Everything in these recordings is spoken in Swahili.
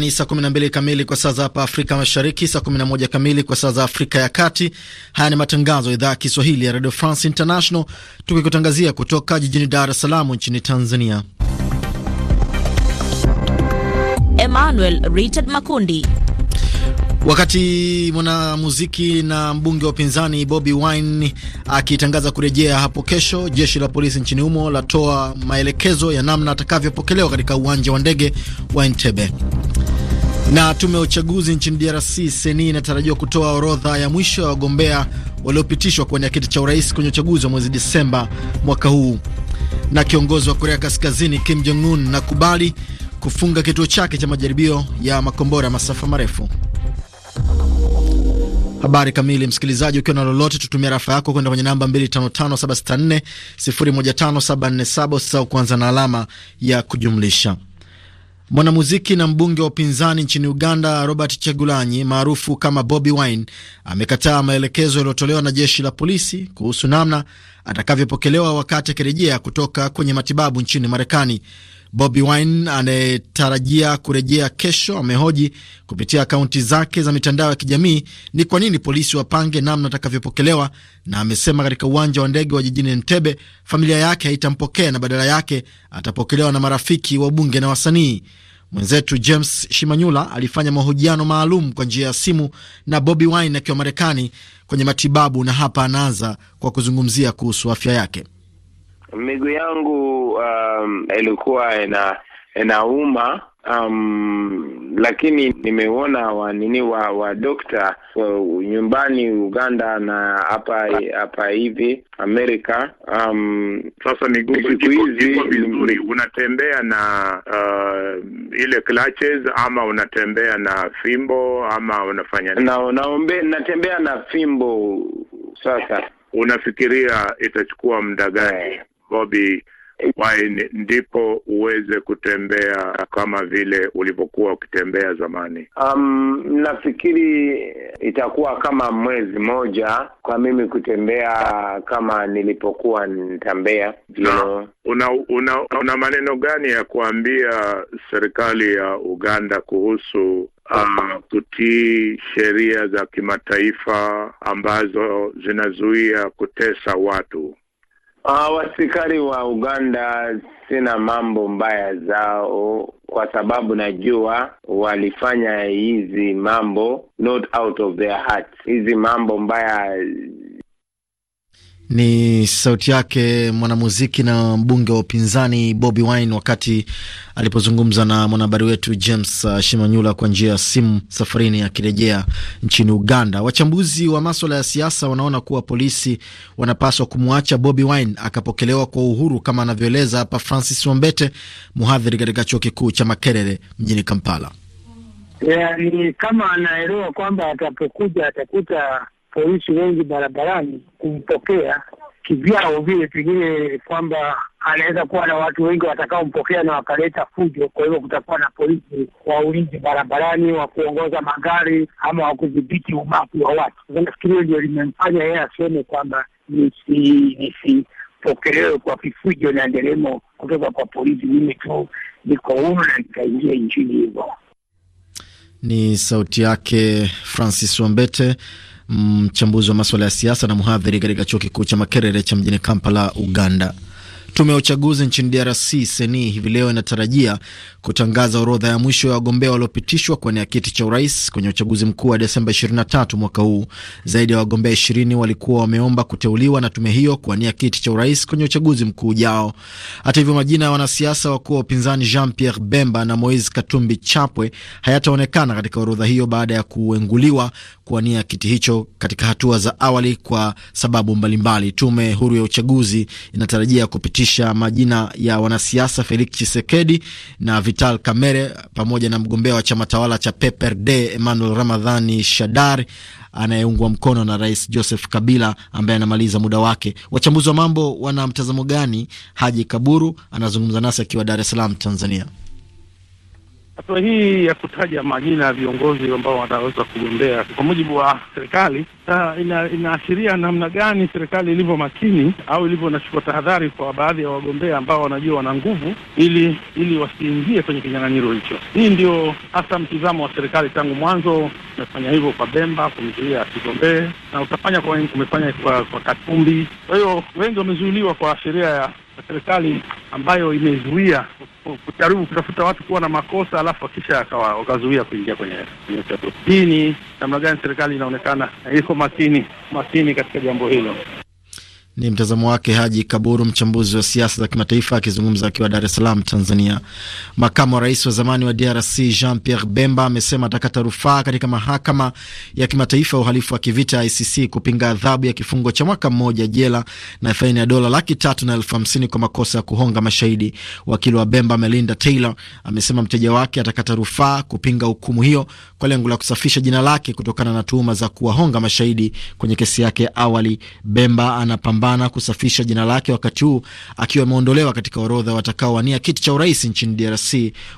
ni saa 12 kamili kwa saa za hapa Afrika Mashariki, saa 11 kamili kwa saa za Afrika ya Kati. Haya ni matangazo ya idhaa ya Kiswahili ya Radio France International, tukikutangazia kutoka jijini Dar es Salaam nchini Tanzania. Emmanuel Richard Makundi. Wakati mwanamuziki na mbunge wa upinzani Bobi Wine akitangaza kurejea hapo kesho, jeshi la polisi nchini humo latoa maelekezo ya namna atakavyopokelewa katika uwanja wa ndege wa Entebbe. Na tume ya uchaguzi nchini DRC seni inatarajiwa kutoa orodha ya mwisho ya wagombea waliopitishwa kwenye kiti cha urais kwenye uchaguzi wa mwezi Disemba mwaka huu. Na kiongozi wa Korea Kaskazini Kim Jong Un nakubali kufunga kituo chake cha majaribio ya makombora ya masafa marefu. Habari kamili, msikilizaji, ukiwa na lolote, tutumia rafa yako kwenda kwenye namba 255764015747 sasa kuanza na alama ya kujumlisha Mwanamuziki na mbunge wa upinzani nchini Uganda, Robert Chagulanyi maarufu kama Bobi Wine, amekataa maelekezo yaliyotolewa na jeshi la polisi kuhusu namna atakavyopokelewa wakati akirejea kutoka kwenye matibabu nchini Marekani. Bobi Wine anayetarajia kurejea kesho amehoji kupitia akaunti zake za mitandao ya kijamii ni kwa nini polisi wapange namna atakavyopokelewa, na amesema katika uwanja wa ndege wa jijini Entebbe familia yake haitampokea na badala yake atapokelewa na marafiki wa bunge na wasanii. Mwenzetu James Shimanyula alifanya mahojiano maalum kwa njia ya simu na Bobi Wine akiwa Marekani kwenye matibabu, na hapa anaanza kwa kuzungumzia kuhusu afya yake miguu yangu um, ilikuwa ina inauma um, lakini nimeona wanini wa wa dokta nyumbani Uganda na hapa hapa hivi Amerika. Um, sasa miguu hizi vizuri, unatembea na uh, ile clutches ama unatembea na fimbo ama unafanya Na, naombe natembea na fimbo sasa. Unafikiria itachukua muda gani? Eh. Gobi Wine ndipo uweze kutembea kama vile ulivyokuwa ukitembea zamani? Um, nafikiri itakuwa kama mwezi moja kwa mimi kutembea kama nilipokuwa nitambea. No. Una, una, una maneno gani ya kuambia serikali ya Uganda kuhusu Uh, kutii sheria za kimataifa ambazo zinazuia kutesa watu. Uh, wasikari wa Uganda sina mambo mbaya zao kwa sababu najua walifanya hizi mambo not out of their hearts. Hizi mambo mbaya ni sauti yake mwanamuziki na mbunge wa upinzani Bobi Wine wakati alipozungumza na mwanahabari wetu James uh, Shimanyula kwa njia ya simu safarini akirejea nchini Uganda. Wachambuzi wa maswala ya siasa wanaona kuwa polisi wanapaswa kumwacha Bobi Wine akapokelewa kwa uhuru kama anavyoeleza hapa Francis Wambete, mhadhiri katika chuo kikuu cha Makerere mjini Kampala. Yeah, ni kama anaelewa kwamba atapokuja atakuta polisi wengi barabarani kumpokea kivyao vile, pengine kwamba anaweza kuwa na watu wengi watakaompokea na wakaleta fujo. Kwa hivyo kutakuwa na polisi wa ulinzi barabarani wa kuongoza magari ama wa kudhibiti umati wa watu. nafikiri hiyo ndio limemfanya yeye aseme kwamba nisipokelewe kwa vifujo na nderemo kutoka kwa polisi, mimi tu niko huru na nikaingia nchini. Hivyo ni sauti yake Francis Wambete mchambuzi wa maswala ya siasa na mhadhiri katika chuo kikuu cha Makerere cha mjini Kampala, Uganda. Tume ya uchaguzi nchini DRC seni hivi leo inatarajia kutangaza orodha ya mwisho ya wagombea waliopitishwa kuwania kiti cha urais kwenye uchaguzi mkuu wa Desemba 23 mwaka huu. Zaidi ya wagombea 20 walikuwa wameomba kuteuliwa na tume hiyo kuwania kiti cha urais kwenye uchaguzi mkuu ujao. Hata hivyo, majina ya wanasiasa wakuu wa upinzani Jean Pierre Bemba na Moise Katumbi Chapwe hayataonekana katika orodha hiyo baada ya kuenguliwa kuwania kiti hicho katika hatua za awali kwa sababu mbalimbali. Tume huru ya uchaguzi inatarajia kupitisha kupitisha majina ya wanasiasa Felix chisekedi na Vital Kamerhe pamoja na mgombea wa chama tawala cha PPRD Emmanuel Ramadhani Shadari anayeungwa mkono na Rais Joseph Kabila ambaye anamaliza muda wake. Wachambuzi wa mambo wana mtazamo gani? Haji Kaburu anazungumza nasi akiwa Dar es Salaam, Tanzania. Hatua hii ya kutaja majina ya viongozi ambao wanaweza kugombea kwa mujibu wa serikali ina, inaashiria namna gani serikali ilivyo makini au ilivyo nachukua tahadhari kwa baadhi ya wagombea ambao wanajua wana nguvu, ili ili wasiingie kwenye kinyang'anyiro hicho. Hii ndio hasa mtizamo wa serikali tangu mwanzo. Umefanya hivyo kwa Bemba kumzuia asigombee, na utafanya kwa umefanya kwa, kwa Katumbi. Kwa hiyo wengi wamezuiliwa kwa sheria ya kwa serikali ambayo imezuia kujaribu kutafuta watu kuwa na makosa alafu kisha wakazuia kuingia kwenye uchaguzi. Hii ni namna gani serikali inaonekana iko makini makini katika jambo hilo? Ni mtazamo wake Haji Kaburu, mchambuzi wa siasa za kimataifa, akizungumza akiwa Dar es Salaam, Tanzania. Makamu wa rais wa zamani wa DRC Jean Pierre Bemba amesema atakata rufaa katika mahakama ya kimataifa ya uhalifu wa kivita ICC kupinga adhabu ya kifungo cha mwaka mmoja jela na faini ya dola laki tatu na elfu hamsini kwa makosa ya kuhonga mashahidi. Wakili wa Bemba Melinda Taylor amesema mteja wake atakata rufaa kupinga hukumu hiyo kwa lengo la kusafisha jina lake kutokana na tuhuma za kuwahonga mashahidi kwenye kesi yake awali. Bemba anapambana kupambana kusafisha jina lake, wakati huu akiwa ameondolewa katika orodha watakaowania kiti cha urais nchini DRC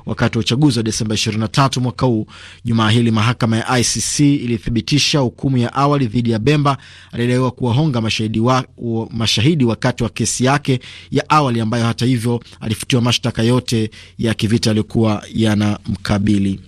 wakati wa uchaguzi wa Desemba 23 mwaka huu. Jumaa hili mahakama ya ICC ilithibitisha hukumu ya awali dhidi ya Bemba aliyedaiwa kuwahonga mashahidi, wa, mashahidi wakati wa kesi yake ya awali ambayo hata hivyo alifutiwa mashtaka yote ya kivita yaliyokuwa yanamkabili.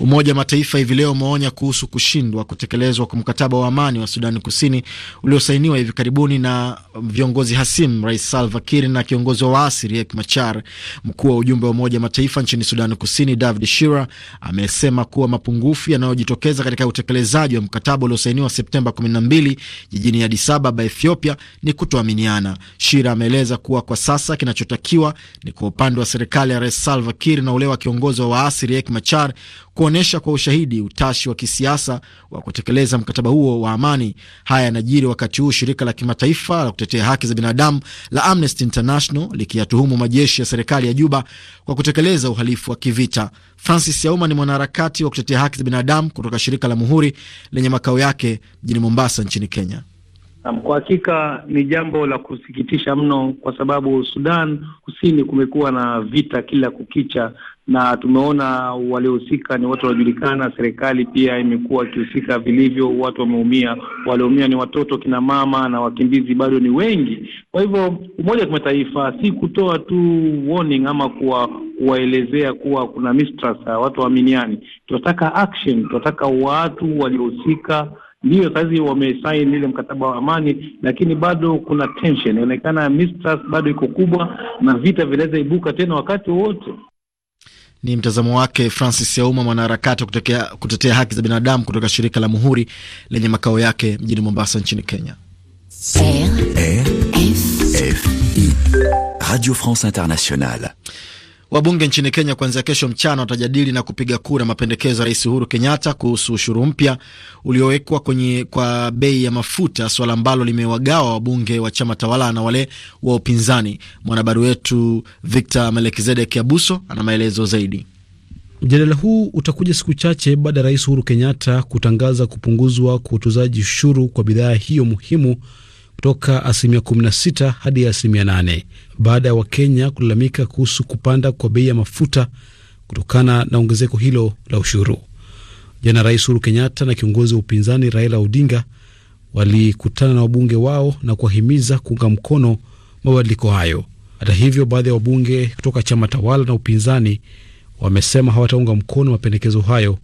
Umoja wa Mataifa hivi leo umeonya kuhusu kushindwa kutekelezwa kwa mkataba wa amani wa Sudani Kusini uliosainiwa hivi karibuni na viongozi hasimu Rais Salva Kiir na kiongozi wa waasi Riek Machar. Mkuu wa ujumbe wa Umoja wa Mataifa nchini Sudani Kusini David Shira amesema kuwa mapungufu yanayojitokeza katika utekelezaji wa mkataba uliosainiwa Septemba 12 jijini Addis Ababa, Ethiopia, ni kutoaminiana. Shira ameeleza kuwa kwa sasa kinachotakiwa ni kwa upande wa serikali ya Rais Salva Kiir na ule wa kiongozi wa waasi Riek Machar kuonyesha kwa ushahidi utashi wa kisiasa wa kutekeleza mkataba huo wa amani. Haya yanajiri wakati huu shirika la kimataifa la kutetea haki za binadamu la Amnesty International likiyatuhumu majeshi ya serikali ya Juba kwa kutekeleza uhalifu wa kivita. Francis Yauma ni mwanaharakati wa kutetea haki za binadamu kutoka shirika la Muhuri lenye makao yake mjini Mombasa nchini Kenya. Kwa hakika ni jambo la kusikitisha mno, kwa sababu Sudan Kusini kumekuwa na vita kila kukicha, na tumeona waliohusika ni watu wanajulikana. Serikali pia imekuwa ikihusika vilivyo, watu wameumia. Walioumia ni watoto, kina mama na wakimbizi bado ni wengi. Kwa hivyo Umoja wa Kimataifa si kutoa tu warning ama kuwa waelezea kuwa kuna mistrust, watu waaminiani. Tunataka action, tunataka watu waliohusika Ndiyo, sahizi wamesain ile mkataba wa amani, lakini bado kuna tension inaonekana, mistrust bado iko kubwa, na vita vinaweza ibuka tena wakati wowote. Ni mtazamo wake Francis Yauma, mwanaharakati wa kutetea haki za binadamu kutoka shirika la Muhuri lenye makao yake mjini Mombasa nchini Kenya. Radio France Internationale. Wabunge nchini Kenya kuanzia kesho mchana watajadili na kupiga kura mapendekezo ya Rais Uhuru Kenyatta kuhusu ushuru mpya uliowekwa kwenye kwa bei ya mafuta, suala ambalo limewagawa wabunge wa chama tawala na wale wa upinzani. Mwanahabari wetu Victor Melekizedek Abuso ana maelezo zaidi. Mjadala huu utakuja siku chache baada ya Rais Uhuru Kenyatta kutangaza kupunguzwa kwa utozaji ushuru kwa bidhaa hiyo muhimu kutoka asilimia 16 hadi asilimia 8 baada ya Wakenya kulalamika kuhusu kupanda kwa bei ya mafuta kutokana na ongezeko hilo la ushuru. Jana Rais Uhuru Kenyatta na kiongozi wa upinzani Raila Odinga walikutana na wabunge wao na kuwahimiza kuunga mkono mabadiliko hayo. Hata hivyo, baadhi ya wabunge kutoka chama tawala na upinzani wamesema hawataunga mkono mapendekezo hayo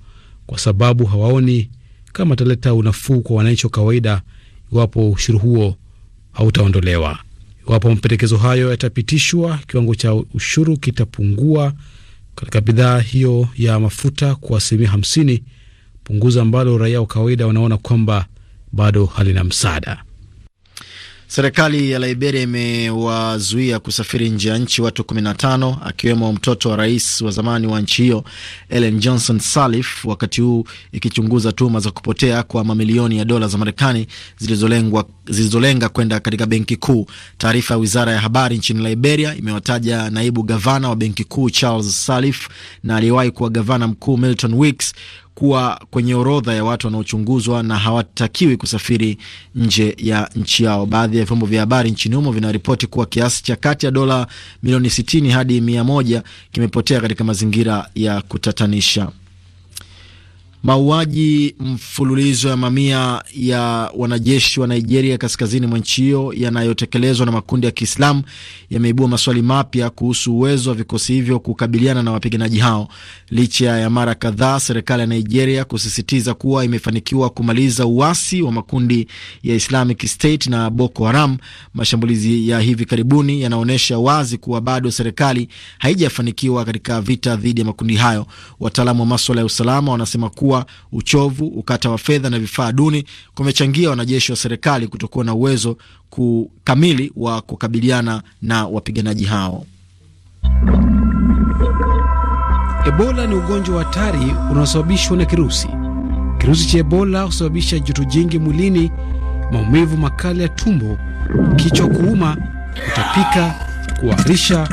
kwa sababu hawaoni kama ataleta unafuu kwa wananchi wa kawaida iwapo ushuru huo hautaondolewa. Iwapo mapendekezo hayo yatapitishwa, kiwango cha ushuru kitapungua katika bidhaa hiyo ya mafuta kwa asilimia hamsini, punguzo ambalo raia wa kawaida wanaona kwamba bado halina msaada. Serikali ya Liberia imewazuia kusafiri nje ya nchi watu 15 akiwemo mtoto wa rais wa zamani wa nchi hiyo Ellen Johnson Sirleaf, wakati huu ikichunguza tuhuma za kupotea kwa mamilioni ya dola za Marekani zilizolenga kwenda katika benki kuu. Taarifa ya wizara ya habari nchini Liberia imewataja naibu gavana wa benki kuu Charles Sirleaf na aliyewahi kuwa gavana mkuu Milton Weeks kuwa kwenye orodha ya watu wanaochunguzwa na hawatakiwi kusafiri nje ya nchi yao. Baadhi ya vyombo vya habari nchini humo vinaripoti kuwa kiasi cha kati ya dola milioni 60 hadi 100 kimepotea katika mazingira ya kutatanisha. Mauaji mfululizo ya mamia ya wanajeshi wa Nigeria kaskazini mwa nchi hiyo yanayotekelezwa na makundi ya Kiislamu yameibua maswali mapya kuhusu uwezo wa vikosi hivyo kukabiliana na wapiganaji hao, licha ya mara kadhaa serikali ya Nigeria kusisitiza kuwa imefanikiwa kumaliza uasi wa makundi ya Islamic State na Boko Haram. Mashambulizi ya hivi karibuni yanaonyesha wazi kuwa bado serikali haijafanikiwa katika vita dhidi ya makundi hayo. Wataalamu wa maswala ya usalama wanasema kuwa kuwa uchovu, ukata wa fedha na vifaa duni kumechangia wanajeshi wa serikali kutokuwa na uwezo kamili wa kukabiliana na wapiganaji hao. Ebola ni ugonjwa wa hatari unaosababishwa na kirusi. Kirusi cha Ebola husababisha joto jingi mwilini, maumivu makali ya tumbo, kichwa kuuma, kutapika, kuharisha,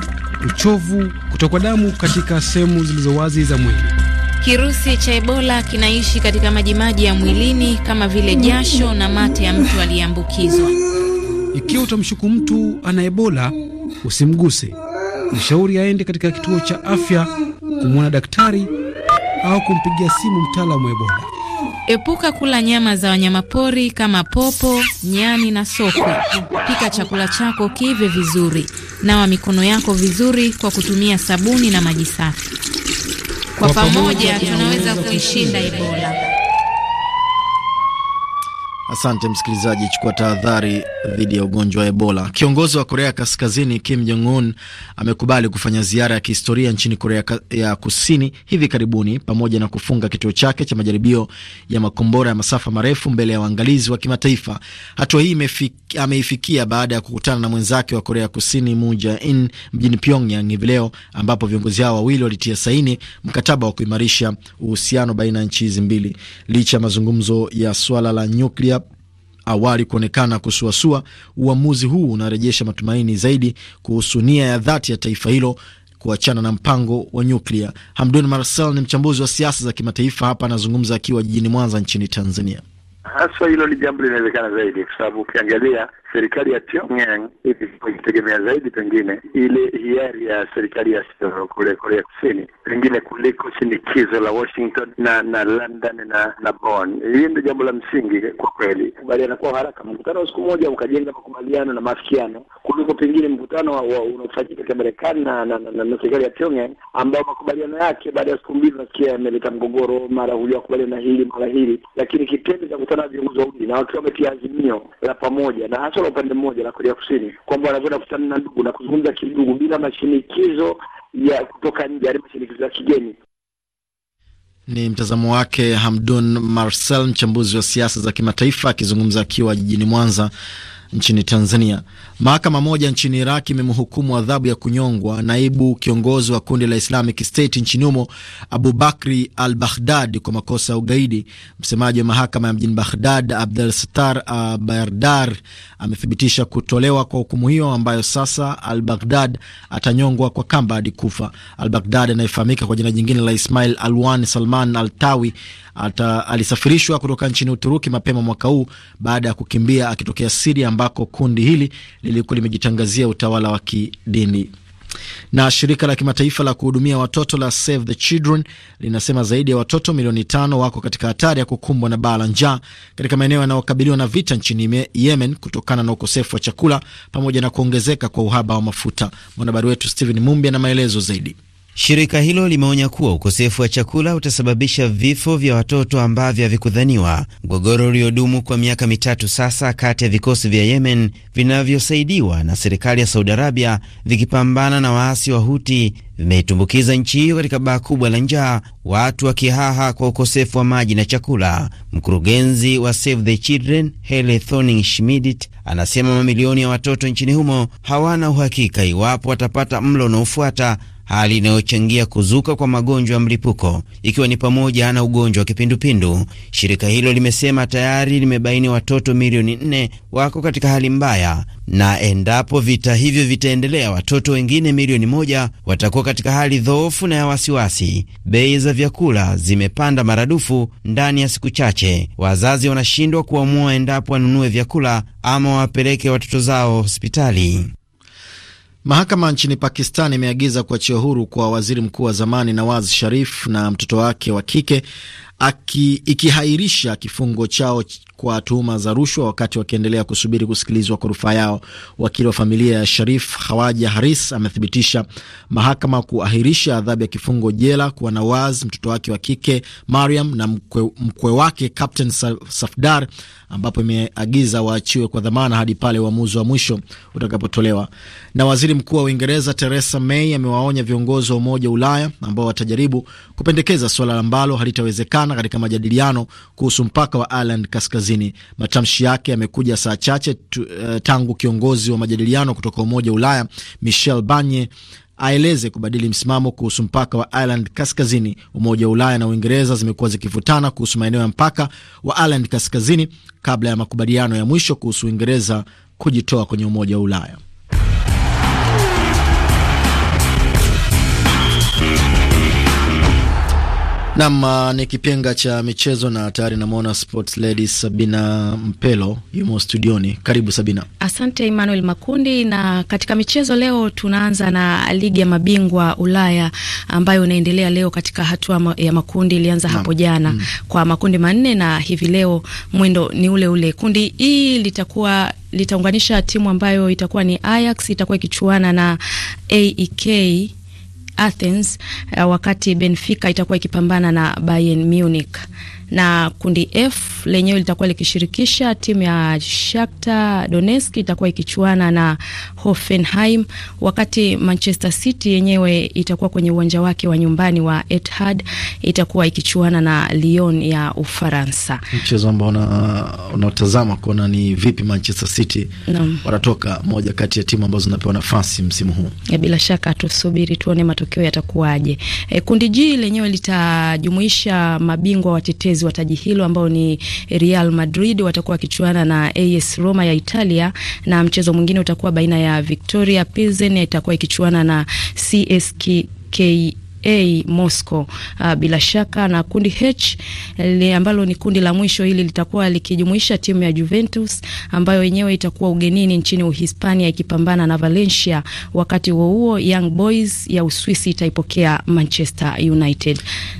uchovu, kutokwa damu katika sehemu zilizo wazi za mwili. Kirusi cha Ebola kinaishi katika majimaji ya mwilini kama vile jasho na mate ya mtu aliyeambukizwa. Ikiwa utamshuku mtu ana Ebola, usimguse. Mshauri aende katika kituo cha afya kumwona daktari au kumpigia simu mtaalamu wa Ebola. Epuka kula nyama za wanyamapori kama popo, nyani na sokwe. Pika chakula chako kive vizuri. Nawa mikono yako vizuri kwa kutumia sabuni na maji safi. Kwa pamoja tunaweza kuishinda Ebola. Asante msikilizaji, chukua tahadhari dhidi ya ugonjwa wa Ebola. Kiongozi wa Korea Kaskazini Kim Jong Un amekubali kufanya ziara ya kihistoria nchini Korea ya Kusini hivi karibuni, pamoja na kufunga kituo chake cha majaribio ya makombora ya masafa marefu mbele ya waangalizi wa kimataifa. Hatua hii ameifikia baada ya kukutana na mwenzake wa Korea Kusini Moon Jae-in mjini Pyongyang hivi leo, ambapo viongozi hao wawili walitia saini mkataba wa kuimarisha uhusiano baina ya nchi hizi mbili. Licha ya mazungumzo ya swala la nyuklia awali kuonekana kusuasua, uamuzi huu unarejesha matumaini zaidi kuhusu nia ya dhati ya taifa hilo kuachana na mpango wa nyuklia. Hamdun marcel ni mchambuzi wa siasa za kimataifa, hapa anazungumza akiwa jijini Mwanza nchini Tanzania. Haswa hilo ni jambo linawezekana zaidi, kwa sababu ukiangalia serikali ya Pyongyang ikitegemea zaidi pengine ile hiari ya serikali ya kule Korea Kusini pengine kuliko shinikizo la Washington na na London na na Bonn. Hili ndio jambo la msingi kwa kweli, kubaliana kwa haraka, mkutano wa siku moja ukajenga makubaliano na maafikiano kuliko pengine mkutano wa unaofanyika kati Marekani na na, na, na serikali ya Pyongyang ambao makubaliano yake baada ya siku mbili nasikia yameleta mgogoro, mara akubaliana hili mara hili, lakini kitendo cha kukutana na viongozi wawili na wakiwa wametia azimio la pamoja na kutoka upande mmoja la Korea Kusini kwamba wanavyoenda kukutana na ndugu na kuzungumza kindugu bila mashinikizo ya kutoka nje, yaani mashinikizo ya kigeni. Ni mtazamo wake Hamdun Marcel, mchambuzi wa siasa za kimataifa akizungumza akiwa jijini Mwanza nchini Tanzania. Mahakama moja nchini Iraq imemhukumu adhabu ya kunyongwa naibu kiongozi wa kundi la Islamic State nchini humo Abu Bakri al Baghdad kwa makosa ya ugaidi. Msemaji wa mahakama ya mjini Baghdad, Abdul Satar uh, Abardar, amethibitisha kutolewa kwa hukumu hiyo ambayo sasa al Baghdad atanyongwa kwa kamba hadi kufa. Al Baghdad anayefahamika kwa jina jingine la Ismail Alwan Salman al Tawi ata, alisafirishwa kutoka nchini Uturuki mapema mwaka huu baada ya kukimbia akitokea Siria ambako kundi hili lilikuwa limejitangazia utawala wa kidini. Na shirika la kimataifa la kuhudumia watoto la Save the Children linasema zaidi ya watoto milioni tano wako katika hatari ya kukumbwa na baa la njaa katika maeneo yanayokabiliwa na vita nchini Yemen kutokana na ukosefu wa chakula pamoja na kuongezeka kwa uhaba wa mafuta. Mwanahabari wetu stehen Mumbi ana maelezo zaidi. Shirika hilo limeonya kuwa ukosefu wa chakula utasababisha vifo vya watoto ambavyo havikudhaniwa, mgogoro uliodumu kwa miaka mitatu sasa kati ya vikosi vya Yemen vinavyosaidiwa na serikali ya Saudi Arabia vikipambana na waasi wa Huti vimeitumbukiza nchi hiyo katika baa kubwa la njaa, watu wakihaha kwa ukosefu wa maji na chakula. Mkurugenzi wa Save the Children Hele Thoning Schmidt anasema mamilioni ya watoto nchini humo hawana uhakika iwapo watapata mlo unaofuata hali inayochangia kuzuka kwa magonjwa ya mlipuko ikiwa ni pamoja na ugonjwa wa kipindupindu. Shirika hilo limesema tayari limebaini watoto milioni nne wako katika hali mbaya, na endapo vita hivyo vitaendelea, watoto wengine milioni moja watakuwa katika hali dhoofu na ya wasiwasi. Bei za vyakula zimepanda maradufu ndani ya siku chache. Wazazi wanashindwa kuamua endapo wanunue vyakula ama wawapeleke watoto zao hospitali. Mahakama nchini Pakistan imeagiza kuachia huru kwa waziri mkuu wa zamani Nawaz Sharif na mtoto wake wa kike aki, ikihairisha kifungo chao kwa tuhuma za rushwa wakati wakiendelea kusubiri kusikilizwa kwa rufaa yao. Wakili wa familia ya Sharif Hawaja Haris amethibitisha mahakama kuahirisha adhabu ya kifungo jela kwa Nawaz, mtoto wake wa kike Mariam na mkwe, mkwe wake Captain Safdar, ambapo imeagiza waachiwe kwa dhamana hadi pale uamuzi wa mwisho utakapotolewa. Na waziri mkuu wa Uingereza Theresa May amewaonya viongozi wa Umoja wa Ulaya ambao watajaribu kupendekeza suala ambalo halitawezekana katika majadiliano kuhusu mpaka wa Ireland Kaskazini. Matamshi yake yamekuja saa chache tu, uh, tangu kiongozi wa majadiliano kutoka Umoja wa Ulaya Michel Barnier aeleze kubadili msimamo kuhusu mpaka wa Ireland Kaskazini. Umoja wa Ulaya na Uingereza zimekuwa zikivutana kuhusu maeneo ya mpaka wa Ireland Kaskazini kabla ya makubaliano ya mwisho kuhusu Uingereza kujitoa kwenye Umoja wa Ulaya. Nam uh, ni kipenga cha michezo na tayari namwona sports lady Sabina Mpelo yumo studioni. Karibu Sabina. Asante Emmanuel Makundi. Na katika michezo leo tunaanza na ligi ya mabingwa Ulaya ambayo inaendelea leo katika hatua ya makundi, ilianza hapo jana mm, kwa makundi manne na hivi leo mwendo ni ule ule. Kundi hii e litakuwa litaunganisha timu ambayo itakuwa ni Ajax itakuwa ikichuana na AEK Athens uh, wakati Benfica itakuwa ikipambana na Bayern Munich na kundi F lenyewe litakuwa likishirikisha timu ya Shakhtar Donetsk itakuwa ikichuana na Hoffenheim, wakati Manchester City yenyewe itakuwa kwenye uwanja wake wa nyumbani wa Etihad itakuwa ikichuana na Lyon ya Ufaransa. Mchezo ambao unaotazama una kuona ni vipi Manchester City no. wanatoka moja kati ya timu ambazo zinapewa nafasi msimu huu. Ya bila shaka tusubiri tuone matokeo yatakuwaje. E, kundi G lenyewe litajumuisha mabingwa watetezi wa taji hilo ambao ni Real Madrid watakuwa wakichuana na AS Roma ya Italia na mchezo mwingine utakuwa baina ya Victoria Pilsen itakuwa ikichuana na CSKK A Moscow. Uh, bila shaka na kundi H li, ambalo ni kundi la mwisho, hili litakuwa likijumuisha timu ya Juventus ambayo yenyewe itakuwa ugenini nchini Uhispania ikipambana na Valencia. Wakati huo huo, Young Boys ya Uswisi itaipokea Manchester United.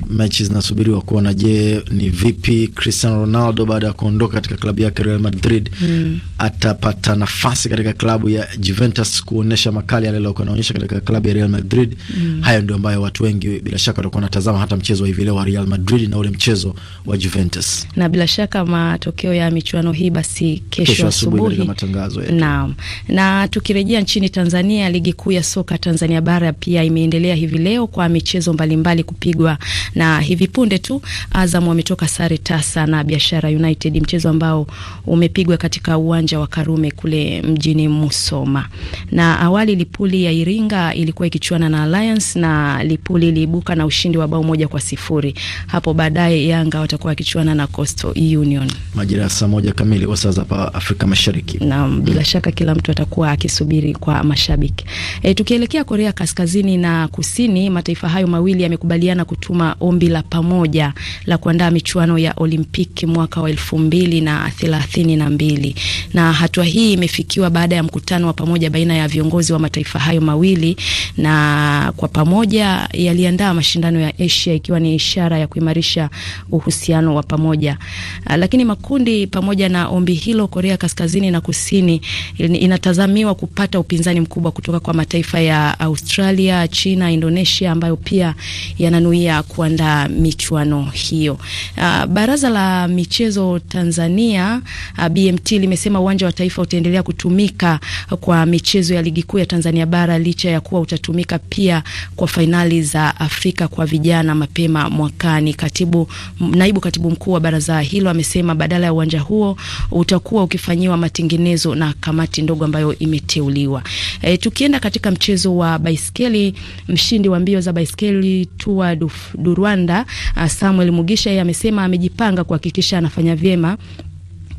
Mechi zinasubiriwa kuona, je, ni vipi Cristiano Ronaldo baada ya kuondoka katika klabu yake Real Madrid mm. atapata nafasi katika klabu ya Juventus kuonesha makali yale aliyokuwa anaonyesha katika klabu ya Real Madrid mm. Hayo ndio ambayo watu wengi wengi bila shaka watakuwa wanatazama hata mchezo wa hivi leo wa Real Madrid na ule mchezo wa Juventus, na bila shaka matokeo ya michuano hii basi kesho asubuhi matangazo yetu. Naam, na tukirejea nchini Tanzania, ligi kuu ya soka Tanzania bara pia imeendelea hivi leo kwa michezo mbalimbali kupigwa, na hivi punde tu Azam wametoka sare tasa na Biashara United, mchezo ambao umepigwa katika uwanja wa Karume kule mjini Musoma. Na awali Lipuli ya Iringa ilikuwa ikichuana na Alliance na Lipuli Liverpool iliibuka na ushindi wa bao moja kwa sifuri. Hapo baadaye Yanga watakuwa wakichuana na Coastal Union majira ya saa moja kamili kwa saa za Afrika Mashariki. Naam, bila mm. shaka kila mtu atakuwa akisubiri kwa mashabiki. E, tukielekea Korea Kaskazini na Kusini, mataifa hayo mawili yamekubaliana kutuma ombi la pamoja la kuandaa michuano ya Olimpiki mwaka wa elfu mbili na thelathini na mbili na hatua hii imefikiwa baada ya mkutano wa pamoja baina ya viongozi wa mataifa hayo mawili na kwa pamoja yaliandaa mashindano ya Asia ikiwa ni ishara ya kuimarisha uhusiano wa pamoja. Ah, lakini makundi, pamoja na ombi hilo, Korea Kaskazini na Kusini inatazamiwa kupata upinzani mkubwa kutoka kwa mataifa ya Australia, China, Indonesia ambayo pia yananuia kuandaa michuano hiyo. Ah, Baraza la michezo Tanzania ah, BMT limesema uwanja wa taifa utaendelea kutumika kwa michezo ya ligi kuu ya Tanzania bara licha ya kuwa utatumika pia kwa fainali za za Afrika kwa vijana mapema mwakani. Katibu, naibu katibu mkuu wa baraza hilo amesema badala ya uwanja huo utakuwa ukifanyiwa matengenezo na kamati ndogo ambayo imeteuliwa. E, tukienda katika mchezo wa baiskeli, mshindi wa mbio za baiskeli Tour du Rwanda Samuel Mugisha yeye amesema amejipanga kuhakikisha anafanya vyema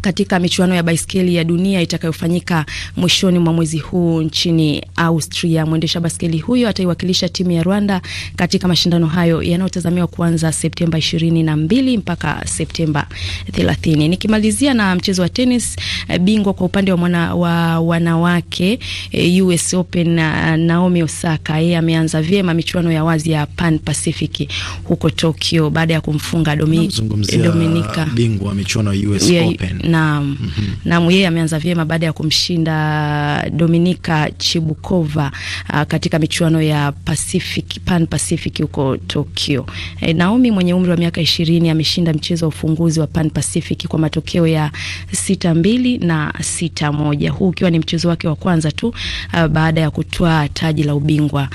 katika michuano ya baiskeli ya dunia itakayofanyika mwishoni mwa mwezi huu nchini Austria. Mwendesha baiskeli huyo ataiwakilisha timu ya Rwanda katika mashindano hayo yanayotazamiwa kuanza Septemba 22 mpaka Septemba 30. Nikimalizia na mchezo wa tenis, eh, bingwa kwa upande wa, mwana, wa wanawake eh, US Open, eh, Naomi Osaka yeye ameanza vyema michuano ya wazi ya Pan Pacific huko Tokyo baada ya kumfunga Dominika, bingwa michuano ya US Open Naam. Mm -hmm. Naam, yeye ameanza vyema baada ya kumshinda Dominika Chibukova uh, katika michuano ya Pacific, Pan Pacific huko Tokyo. E, Naomi mwenye umri wa miaka 20 ameshinda mchezo wa ufunguzi wa Pan Pacific kwa matokeo ya 6-2 na 6-1. Huu ukiwa ni mchezo wake wa kwanza tu uh, baada ya kutwaa taji la ubingwa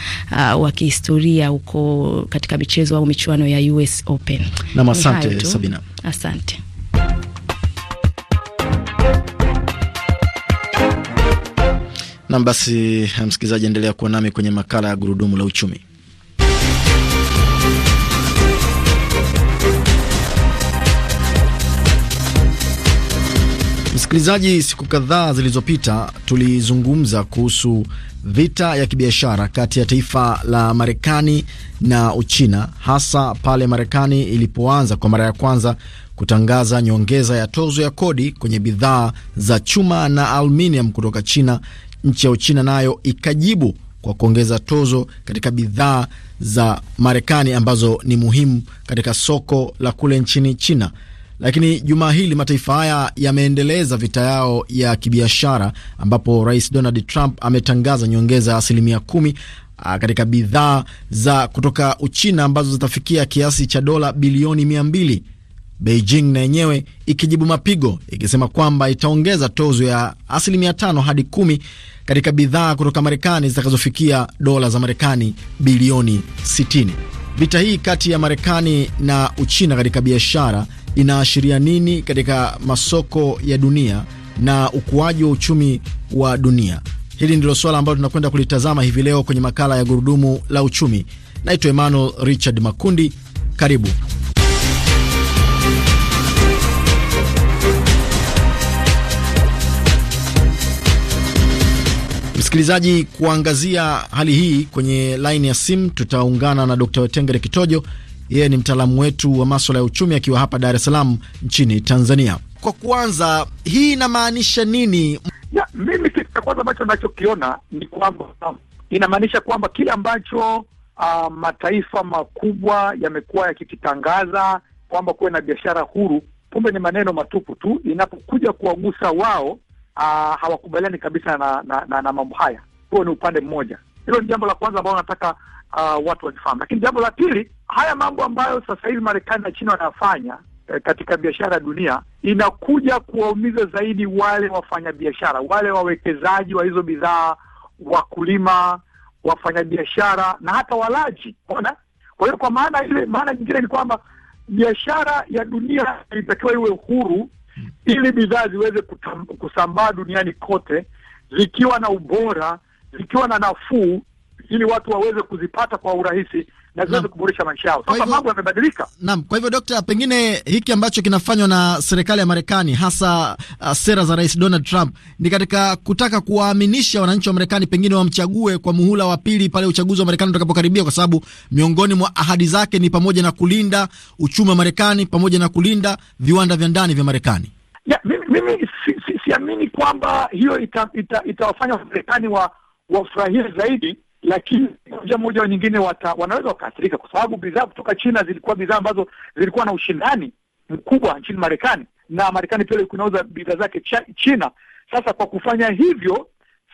uh, wa kihistoria huko katika michezo au michuano ya US Open. Na asante Sabina. Asante. Nam basi, msikilizaji, endelea kuwa nami kwenye makala ya gurudumu la uchumi. Msikilizaji, siku kadhaa zilizopita tulizungumza kuhusu vita ya kibiashara kati ya taifa la Marekani na Uchina, hasa pale Marekani ilipoanza kwa mara ya kwanza kutangaza nyongeza ya tozo ya kodi kwenye bidhaa za chuma na aluminium kutoka China. Nchi ya Uchina nayo ikajibu kwa kuongeza tozo katika bidhaa za Marekani ambazo ni muhimu katika soko la kule nchini China. Lakini jumaa hili mataifa haya yameendeleza vita yao ya kibiashara, ambapo Rais Donald Trump ametangaza nyongeza ya asilimia kumi katika bidhaa za kutoka Uchina ambazo zitafikia kiasi cha dola bilioni mia mbili. Beijing na yenyewe ikijibu mapigo ikisema kwamba itaongeza tozo ya asilimia tano hadi kumi katika bidhaa kutoka Marekani zitakazofikia dola za Marekani bilioni 60. Vita hii kati ya Marekani na Uchina katika biashara inaashiria nini katika masoko ya dunia na ukuaji wa uchumi wa dunia? Hili ndilo suala ambalo tunakwenda kulitazama hivi leo kwenye makala ya Gurudumu la Uchumi. Naitwa Emmanuel Richard Makundi, karibu. Msikilizaji, kuangazia hali hii kwenye laini ya simu tutaungana na Dr. Wetengere Kitojo. Yeye ni mtaalamu wetu wa maswala ya uchumi akiwa hapa Dar es Salaam nchini Tanzania. Kwa kwanza hii inamaanisha nini? Ya, mimi kitu cha kwanza ambacho nachokiona ni kwamba um, inamaanisha kwamba kile ambacho uh, mataifa makubwa yamekuwa yakikitangaza kwamba kuwe na biashara huru, kumbe ni maneno matupu tu. Inapokuja kuwagusa wao, uh, hawakubaliani kabisa na, na, na, na mambo haya. Huo ni upande mmoja. Hilo ni jambo la kwanza ambao wanataka uh, ah, watu wajifahamu. Lakini jambo la pili, haya mambo ambayo sasa hivi Marekani na China wanayafanya eh, katika biashara ya dunia inakuja kuwaumiza zaidi wale wafanyabiashara, wale wawekezaji wa hizo bidhaa, wakulima, wafanyabiashara na hata walaji. Ona, kwa hiyo kwa maana ile, maana nyingine ni kwamba biashara ya dunia ilitakiwa iwe huru ili bidhaa ziweze kusambaa duniani kote zikiwa na ubora, zikiwa na nafuu, ili watu waweze kuzipata kwa urahisi na ziweze kuboresha maisha yao. Sasa mambo yamebadilika. Naam, kwa hivyo Dokta, pengine hiki ambacho kinafanywa na serikali ya Marekani hasa uh, sera za Rais Donald Trump ni katika kutaka kuwaaminisha wananchi wa Marekani pengine wamchague kwa muhula wa pili pale uchaguzi wa Marekani utakapokaribia, kwa sababu miongoni mwa ahadi zake ni pamoja na kulinda uchumi wa Marekani pamoja na kulinda viwanda vya ndani vya Marekani. Ya, mimi, mimi siamini si, si, kwamba hiyo itawafanya ita, ita Wamarekani wa zaidi lakini njia moja au nyingine wata, wanaweza wakaathirika, kwa sababu bidhaa kutoka China zilikuwa bidhaa ambazo zilikuwa na ushindani mkubwa nchini Marekani, na Marekani pia kunauza bidhaa zake China. Sasa kwa kufanya hivyo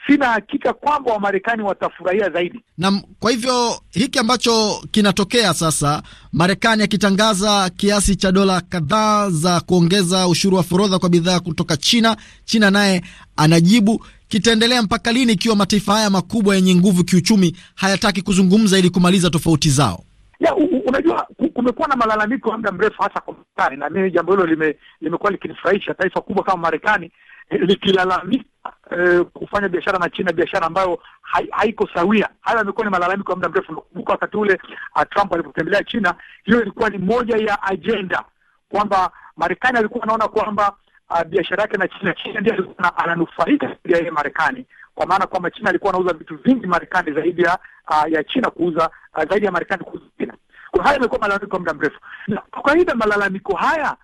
sina hakika kwamba Wamarekani watafurahia zaidi. Na kwa hivyo hiki ambacho kinatokea sasa, Marekani akitangaza kiasi cha dola kadhaa za kuongeza ushuru wa forodha kwa bidhaa kutoka China, China naye anajibu kitaendelea mpaka lini ikiwa mataifa haya makubwa yenye nguvu kiuchumi hayataki kuzungumza ili kumaliza tofauti zao? Ya, u, unajua kumekuwa na malalamiko ya muda mrefu hasa kwa Marekani, na mimi jambo hilo lime, limekuwa likinifurahisha taifa kubwa kama Marekani eh, likilalamika eh, kufanya biashara na China, biashara ambayo haiko hai sawia. Hayo yamekuwa ni malalamiko ya muda mrefu. Nakumbuka wakati ule uh, Trump alipotembelea China, hiyo ilikuwa ni moja ya ajenda kwamba Marekani alikuwa anaona kwamba uh, biashara yake na China. China ndiye alikuwa ananufaika yeye Marekani, kwa maana kwamba China alikuwa anauza vitu vingi Marekani zaidi ya uh, ya China kuuza uh, zaidi ya Marekani kuuza China. Kwa haya imekuwa malalamiko kwa muda mrefu, na kwa kawaida malalamiko haya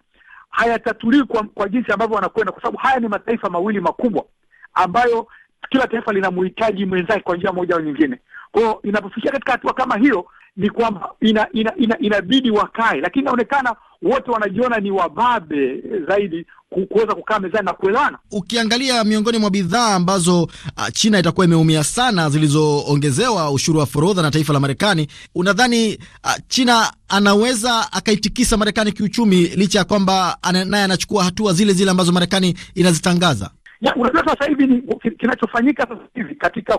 hayatatuliwi kwa, kwa jinsi ambavyo wanakwenda, kwa sababu haya ni mataifa mawili makubwa ambayo kila taifa linamhitaji mwenzake kwa njia moja au nyingine. Kwa hiyo inapofikia katika hatua kama hiyo, ni kwamba ina, ina, ina, inabidi wakae, lakini inaonekana wote wanajiona ni wababe zaidi kuweza kukaa mezani na kuelewana. Ukiangalia miongoni mwa bidhaa ambazo uh, China itakuwa imeumia sana zilizoongezewa ushuru wa forodha na taifa la Marekani, unadhani uh, China anaweza akaitikisa Marekani kiuchumi licha ya kwamba naye anachukua hatua zile zile ambazo Marekani inazitangaza? ya unajua, sasa hivi kinachofanyika sasa hivi katika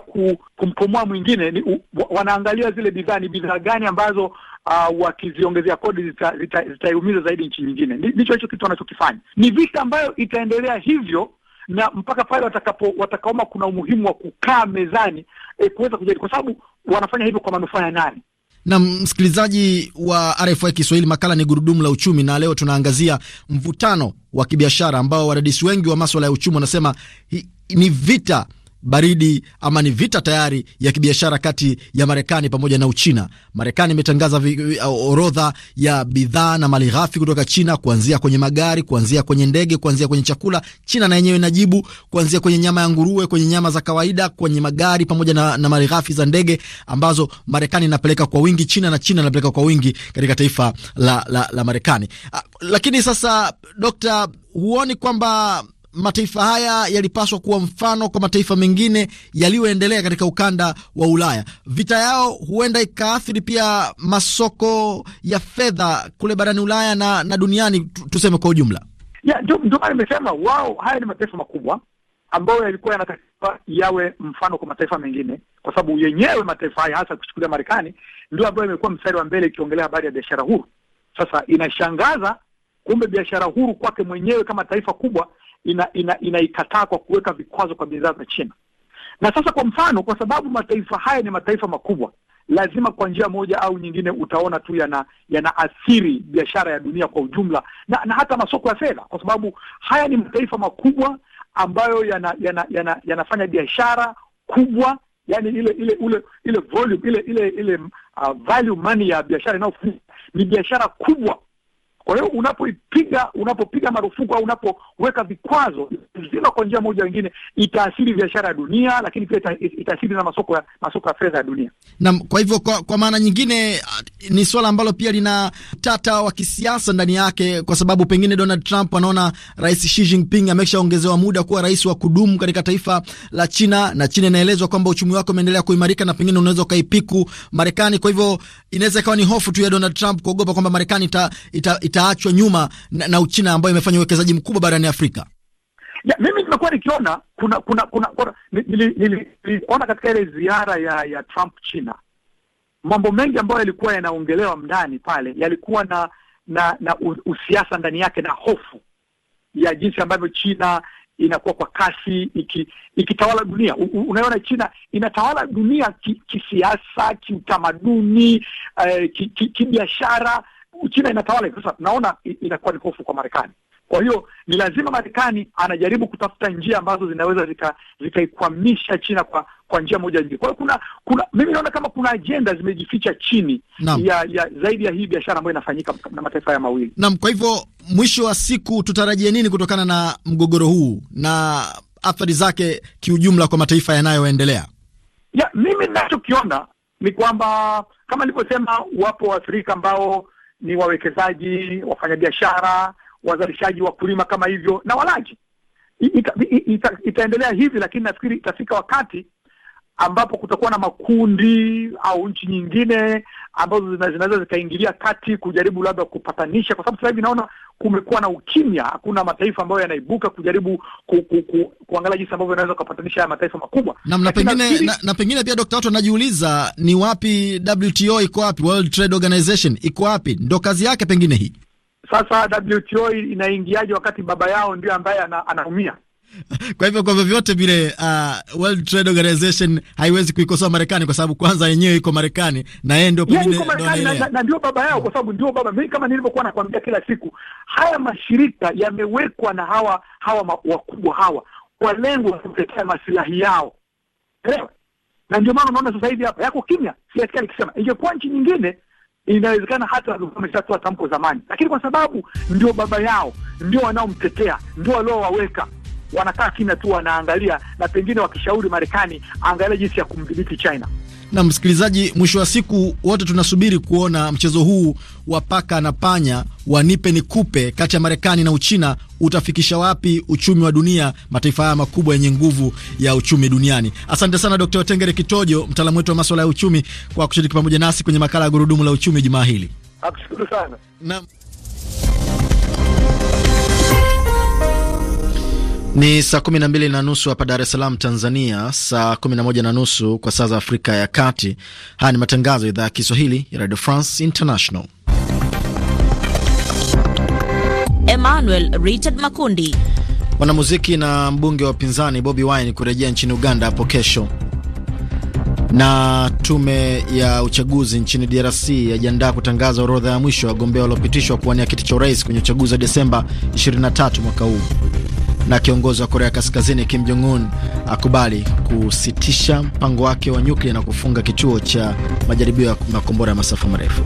kumpomoa mwingine ni u, wanaangalia zile bidhaa ni bidhaa gani ambazo uh, wakiziongezea kodi zitaiumiza zita, zita zaidi nchi nyingine. Ndicho hicho kitu wanachokifanya. Ni vita ambayo itaendelea hivyo na mpaka pale watakapo watakaoma kuna umuhimu wa kukaa mezani e, kuweza kujadili, kwa sababu wanafanya hivyo kwa manufaa ya nani? Na msikilizaji wa RFI Kiswahili, makala ni gurudumu la uchumi, na leo tunaangazia mvutano wa kibiashara ambao wadadisi wengi wa maswala ya uchumi wanasema ni vita baridi ama ni vita tayari ya kibiashara kati ya Marekani pamoja na Uchina. Marekani imetangaza orodha ya bidhaa na mali ghafi kutoka China, kuanzia kwenye magari, kuanzia kwenye ndege, kuanzia kwenye chakula. China na yenyewe inajibu, kuanzia kwenye nyama ya nguruwe, kwenye nyama za kawaida, kwenye magari pamoja na, na mali ghafi za ndege ambazo Marekani inapeleka kwa wingi China na China inapeleka kwa wingi katika taifa la, la, la Marekani. Ah, lakini sasa, Dokta, huoni kwamba mataifa haya yalipaswa kuwa mfano kwa mataifa mengine yaliyoendelea katika ukanda wa Ulaya. Vita yao huenda ikaathiri pia masoko ya fedha kule barani Ulaya na, na duniani tuseme kwa ujumla. Ndio maana nimesema wao, haya ni mataifa makubwa ambayo yalikuwa yanatakiwa yawe mfano kwa mataifa mengine, kwa sababu yenyewe mataifa haya hasa kuchukulia Marekani ndio ambayo imekuwa mstari wa mbele ikiongelea habari ya biashara huru. Sasa inashangaza kumbe biashara huru kwake mwenyewe kama taifa kubwa inaikataa ina, ina kwa kuweka vikwazo kwa bidhaa za China. Na sasa kwa mfano, kwa sababu mataifa haya ni mataifa makubwa, lazima kwa njia moja au nyingine utaona tu yana yanaathiri biashara ya dunia kwa ujumla na, na hata masoko ya fedha, kwa sababu haya ni mataifa makubwa ambayo yanafanya yana, yana, yana biashara kubwa, yani ile ile ule ile volume ile ile ile uh, value money ya biashara inayofanyika ni biashara kubwa kwa hiyo unapoipiga, unapopiga marufuku au unapoweka vikwazo mzima, kwa njia moja nyingine, itaathiri biashara ya dunia, lakini pia itaathiri na masoko ya masoko ya fedha ya dunia. Na kwa hivyo kwa, kwa maana nyingine uh, ni swala ambalo pia lina tata wa kisiasa ndani yake, kwa sababu pengine Donald Trump anaona Rais Xi Jinping ameshaongezewa muda kuwa rais wa kudumu katika taifa la China, na China inaelezwa kwamba uchumi wake umeendelea kuimarika na pengine unaweza ukaipiku Marekani. Kwa hivyo inaweza ikawa ni hofu tu ya Donald Trump kuogopa kwamba Marekani ita, ita, ita itaachwa nyuma na, na Uchina ambayo imefanya uwekezaji mkubwa barani Afrika? Ya, mimi nimekuwa nikiona kuna kuna kuna, niliona katika ile ziara ya ya Trump China, mambo mengi ambayo yalikuwa yanaongelewa ndani pale yalikuwa na na na usiasa ndani yake na hofu ya jinsi ambavyo China inakuwa kwa kasi iki, ikitawala dunia. Unaona, China inatawala dunia kisiasa, ki kiutamaduni, eh, kibiashara ki china inatawala hivi sasa, tunaona inakuwa ni hofu kwa Marekani. Kwa hiyo ni lazima Marekani anajaribu kutafuta njia ambazo zinaweza zikaikwamisha zika China kwa kwa njia moja nyingine. Kwa hiyo kuna kuna mimi naona kama kuna ajenda zimejificha chini Naam. ya, ya zaidi ya hii biashara ambayo inafanyika na mataifa haya mawili. Naam, kwa hivyo mwisho wa siku tutarajie nini kutokana na mgogoro huu na athari zake kiujumla kwa mataifa yanayoendelea? Ya, mimi ninachokiona ni kwamba kama nilivyosema, wapo Waafrika ambao ni wawekezaji, wafanyabiashara, wazalishaji, wakulima kama hivyo na walaji. Ita, ita, itaendelea hivi, lakini nafikiri itafika wakati ambapo kutakuwa na makundi au nchi nyingine ambazo zinaweza zikaingilia kati kujaribu labda kupatanisha, kwa sababu sasa hivi naona kumekuwa na ukimya. Hakuna mataifa ambayo yanaibuka kujaribu ku, ku, ku, kuangalia jinsi ambavyo yanaweza kupatanisha haya mataifa makubwa na, na, pengine, na, na pengine pia dokta, watu anajiuliza ni wapi WTO iko wapi, World Trade Organization iko wapi? Ndo kazi yake pengine hii sasa. WTO inaingiaje wakati baba yao ndio ambaye anaumia? ana kwa hivyo kwa vyovyote vile, uh, World Trade Organization haiwezi kuikosoa Marekani kwa sababu kwanza yenyewe iko Marekani na yeye ndio yaani pengine na ndio baba yao, kwa sababu ndio baba. Mimi kama nilivyokuwa nakwambia kila siku, haya mashirika yamewekwa na hawa hawa wakubwa hawa kwa lengo la kutetea maslahi yao, elewa. Na ndio maana unaona sasa hivi hapa yako kimya, si siasikia nikisema. Ingekuwa nchi nyingine inawezekana hata wameshatoa tamko zamani, lakini kwa sababu ndio baba yao, ndio wanaomtetea, ndio waliowaweka wanakaa kimya tu, wanaangalia na pengine wakishauri Marekani angalia jinsi ya kumdhibiti China. Na msikilizaji, mwisho wa siku wote tunasubiri kuona mchezo huu wa paka na panya, wanipe kupe kati ya Marekani na Uchina utafikisha wapi uchumi wa dunia, mataifa haya makubwa yenye nguvu ya uchumi duniani. Asante sana Dr. Tengere Kitojo, mtaalamu wetu wa maswala ya uchumi, kwa kushiriki pamoja nasi kwenye makala ya gurudumu la uchumi jumaa hili. Nakushukuru sana. Naam. Ni saa kumi na mbili na nusu hapa Dar es Salaam, Tanzania, saa kumi na moja na nusu kwa saa za Afrika ya Kati. Haya ni matangazo ya idhaa ya Kiswahili ya Radio France International. Emmanuel Richard Makundi. Mwanamuziki na mbunge wa upinzani Bobi Wine kurejea nchini Uganda hapo kesho. Na tume ya uchaguzi nchini DRC yajiandaa kutangaza orodha ya mwisho ya wagombea waliopitishwa kuwania kiti cha urais kwenye uchaguzi wa Desemba 23 mwaka huu na kiongozi wa Korea Kaskazini Kim Jong Un akubali kusitisha mpango wake wa nyuklia na kufunga kituo cha majaribio ya makombora ya masafa marefu.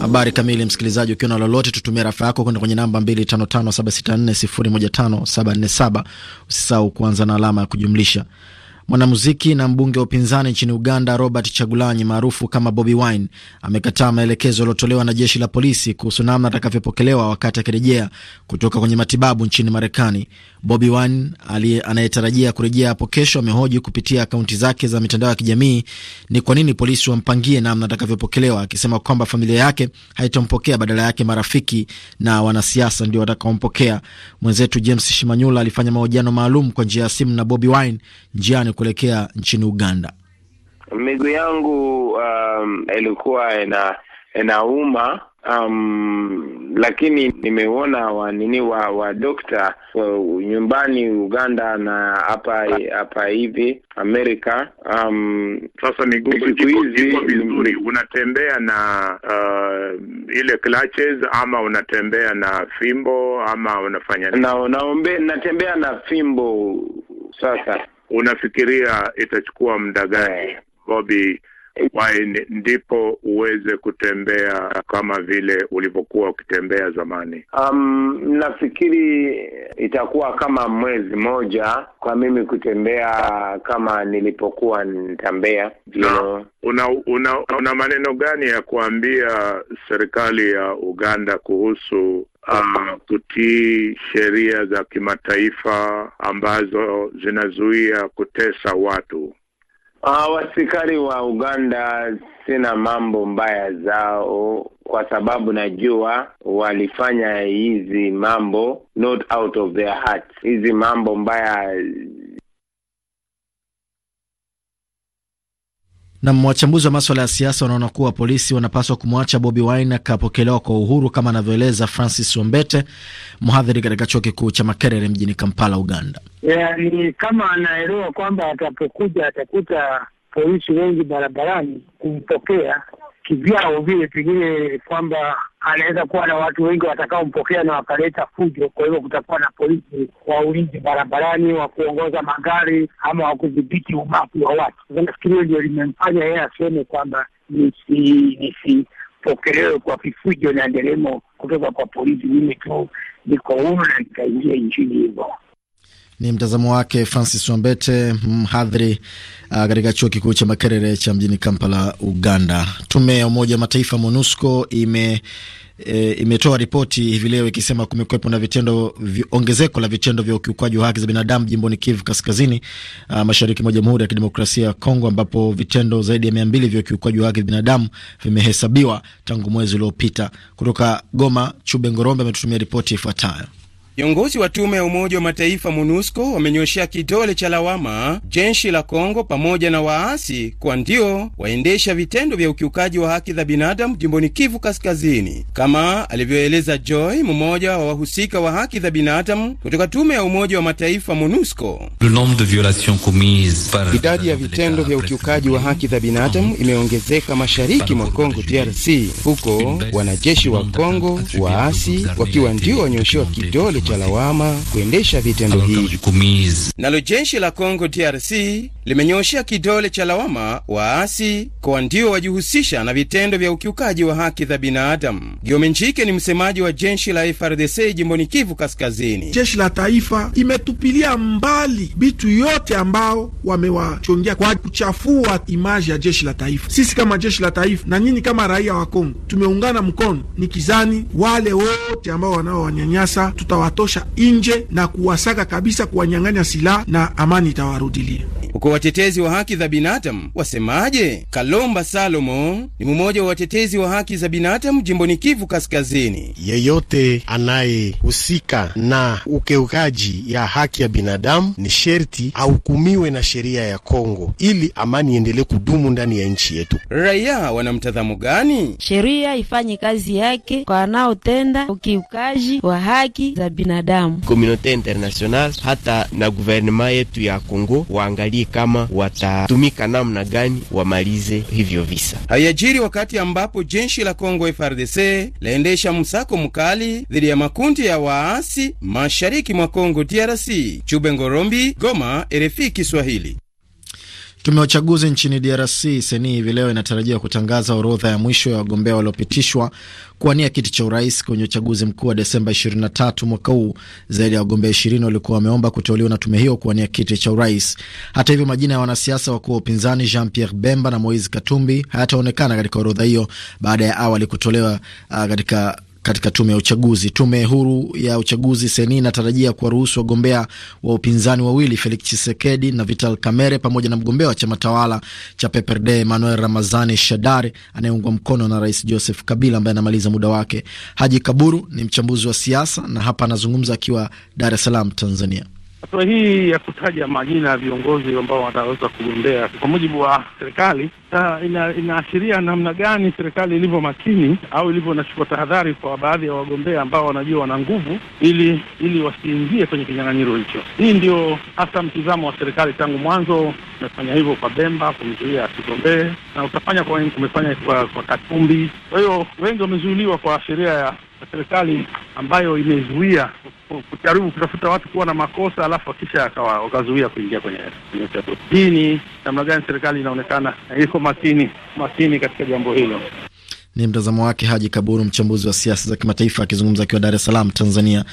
Habari kamili, msikilizaji, ukiwa na lolote, tutumia rafa yako kwenda kwenye namba 255764015747. Usisahau kuanza na alama ya kujumlisha Mwanamuziki na mbunge wa upinzani nchini Uganda, Robert Chagulanyi maarufu kama Bobi Wine, amekataa maelekezo yaliyotolewa na jeshi la polisi kuhusu namna atakavyopokelewa wakati akirejea kutoka kwenye matibabu nchini Marekani. Bobi Wine anayetarajia kurejea hapo kesho amehoji kupitia akaunti zake za mitandao ya kijamii ni kwa nini polisi wampangie namna atakavyopokelewa, akisema kwamba familia yake haitampokea, badala yake marafiki na wanasiasa ndio watakaompokea. Mwenzetu James Shimanyula alifanya mahojiano maalum kwa njia ya simu na Bobi Wine njiani kuelekea nchini Uganda. Miguu yangu um, ilikuwa ina inauma Um, lakini nimeona wanini wa wa dokta nyumbani Uganda na hapa hapa hivi Amerika. Um, sasa miguu iko vizuri, unatembea na uh, ile clutches ama unatembea na fimbo ama unafanya na, naombe natembea na fimbo. Sasa unafikiria itachukua muda gani eh. Bobby ndipo uweze kutembea kama vile ulivyokuwa ukitembea zamani? Um, nafikiri itakuwa kama mwezi moja kwa mimi kutembea kama nilipokuwa nitambea. No. Una, una, una maneno gani ya kuambia serikali ya Uganda kuhusu Uh, kutii sheria za kimataifa ambazo zinazuia kutesa watu. Uh, wasikari wa Uganda sina mambo mbaya zao kwa sababu najua walifanya hizi mambo not out of their hearts. Hizi mambo mbaya Nam, wachambuzi wa maswala ya siasa wanaona kuwa polisi wanapaswa kumwacha Bobi Wine akapokelewa kwa uhuru kama anavyoeleza Francis Wambete, mhadhiri katika chuo kikuu cha Makerere mjini Kampala, Uganda. Yeah, ni kama anaelewa kwamba atapokuja atakuta polisi wengi barabarani kumpokea kivyao vile, pengine kwamba anaweza kuwa na watu wengi watakaompokea na wakaleta fujo. Kwa hivyo kutakuwa na polisi wa ulinzi barabarani wa kuongoza magari ama wa kudhibiti umati wa watu. Nafikiri nafikiria ndio limemfanya yeye aseme kwamba nisi nisipokelewe kwa vifujo na nderemo kutoka kwa polisi, mimi tu niko huru na nikaingia nchini hivyo. Ni mtazamo wake Francis Wambete, mhadhiri uh, katika uh, chuo kikuu cha Makerere cha mjini Kampala, Uganda. Tume ya Umoja wa Mataifa MONUSCO ime E, imetoa ripoti hivi leo ikisema kumekuwepo na vitendo vi, ongezeko la vitendo vya ukiukwaji wa haki za binadamu jimboni Kivu Kaskazini, uh, mashariki mwa Jamhuri ya Kidemokrasia ya Kongo, ambapo vitendo zaidi ya mia mbili vya ukiukwaji wa haki za binadamu vimehesabiwa tangu mwezi uliopita. Kutoka Goma, Chube Ngorombe ametutumia ripoti ifuatayo. Viongozi wa tume ya Umoja wa Mataifa MONUSCO wamenyoshea kidole cha lawama jeshi la Kongo pamoja na waasi kwa ndio waendesha vitendo vya ukiukaji wa haki za binadamu jimboni Kivu Kaskazini, kama alivyoeleza Joy, mmoja wa wahusika wa haki za binadamu kutoka tume ya Umoja wa Mataifa MONUSCO. Idadi ya vitendo vya ukiukaji wa haki za binadamu imeongezeka mashariki mwa Kongo DRC, huko wanajeshi wa Kongo waasi wakiwa ndio wanyoshewa kidole cha lawama kuendesha vitendo hivi. Nalo jeshi la congo DRC limenyoshea kidole cha lawama waasi kwa ndio wajihusisha na vitendo vya ukiukaji wa haki za binadamu. Giome Njike ni msemaji wa jeshi la FRDC jimboni Kivu Kaskazini. Jeshi la taifa imetupilia mbali vitu yote ambao wamewachongea kwa kuchafua imaji ya jeshi la taifa. Sisi kama jeshi la taifa na nyinyi kama raia wa Kongo tumeungana mkono, ni kizani wale wote ambao wanaowanyanyasa tutawa kuwatosha nje na kuwasaka kabisa, kuwanyang'anya silaha na amani itawarudilia uko watetezi wa haki za binadamu wasemaje? Kalomba Salomo ni mmoja wa watetezi wa haki za binadamu jimboni Kivu Kaskazini. Yeyote anayehusika na ukeukaji ya haki ya binadamu ni sherti ahukumiwe na sheria ya Kongo ili amani iendelee kudumu ndani ya nchi yetu. Raia wana mtazamo gani? Sheria ifanye kazi yake kwa wanaotenda ukiukaji wa haki za binadamu. Komunote internasional hata na guvernema yetu ya Kongo waangalie waangalie kama watatumika namna gani wamalize hivyo visa. Hayajiri wakati ambapo jeshi la Kongo frdc laendesha msako mkali dhidi ya makundi ya waasi mashariki mwa Kongo DRC. Chube Ngorombi, Goma, RFI Kiswahili. Tume ya uchaguzi nchini DRC seni hivi leo inatarajia kutangaza orodha ya mwisho ya wagombea waliopitishwa kuwania kiti cha urais kwenye uchaguzi mkuu wa Desemba 23 mwaka huu. Zaidi ya wagombea 20 walikuwa wameomba kuteuliwa na tume hiyo kuwania kiti cha urais. Hata hivyo, majina ya wanasiasa wakuu wa upinzani Jean Pierre Bemba na Moise Katumbi hayataonekana katika orodha hiyo baada ya awali kutolewa uh, katika katika tume ya uchaguzi. Tume huru ya uchaguzi seni inatarajia kuwaruhusu wagombea wa upinzani wawili Felix Chisekedi na Vital Kamere pamoja na mgombea wa chama tawala cha PPRD Emmanuel Ramazani Shadari anayeungwa mkono na Rais Joseph Kabila ambaye anamaliza muda wake. Haji Kaburu ni mchambuzi wa siasa na hapa anazungumza akiwa Dar es Salaam, Tanzania hatua hii ya kutaja majina ya viongozi ambao wanaweza kugombea kwa mujibu wa serikali ina, inaashiria namna gani serikali ilivyo makini au ilivyo inachukua tahadhari kwa baadhi ya wagombea ambao wanajua wana nguvu, ili ili wasiingie kwenye kinyang'anyiro hicho. Hii ndio hasa mtizamo wa serikali tangu mwanzo. Umefanya hivyo kwa Bemba kumzuia asigombee, na utafanya kwa wengi, umefanya kwa, kwa Katumbi. Kwa hiyo wengi wamezuiliwa kwa sheria ya serikali ambayo imezuia kujaribu kutafuta watu kuwa na makosa alafu kisha akawa wakazuia kuingia kwenye uchaguzi. Hii ni namna gani serikali inaonekana iko makini makini katika jambo hilo? Ni mtazamo wake Haji Kaburu, mchambuzi wa siasa za kimataifa akizungumza akiwa Dar es Salaam, Tanzania.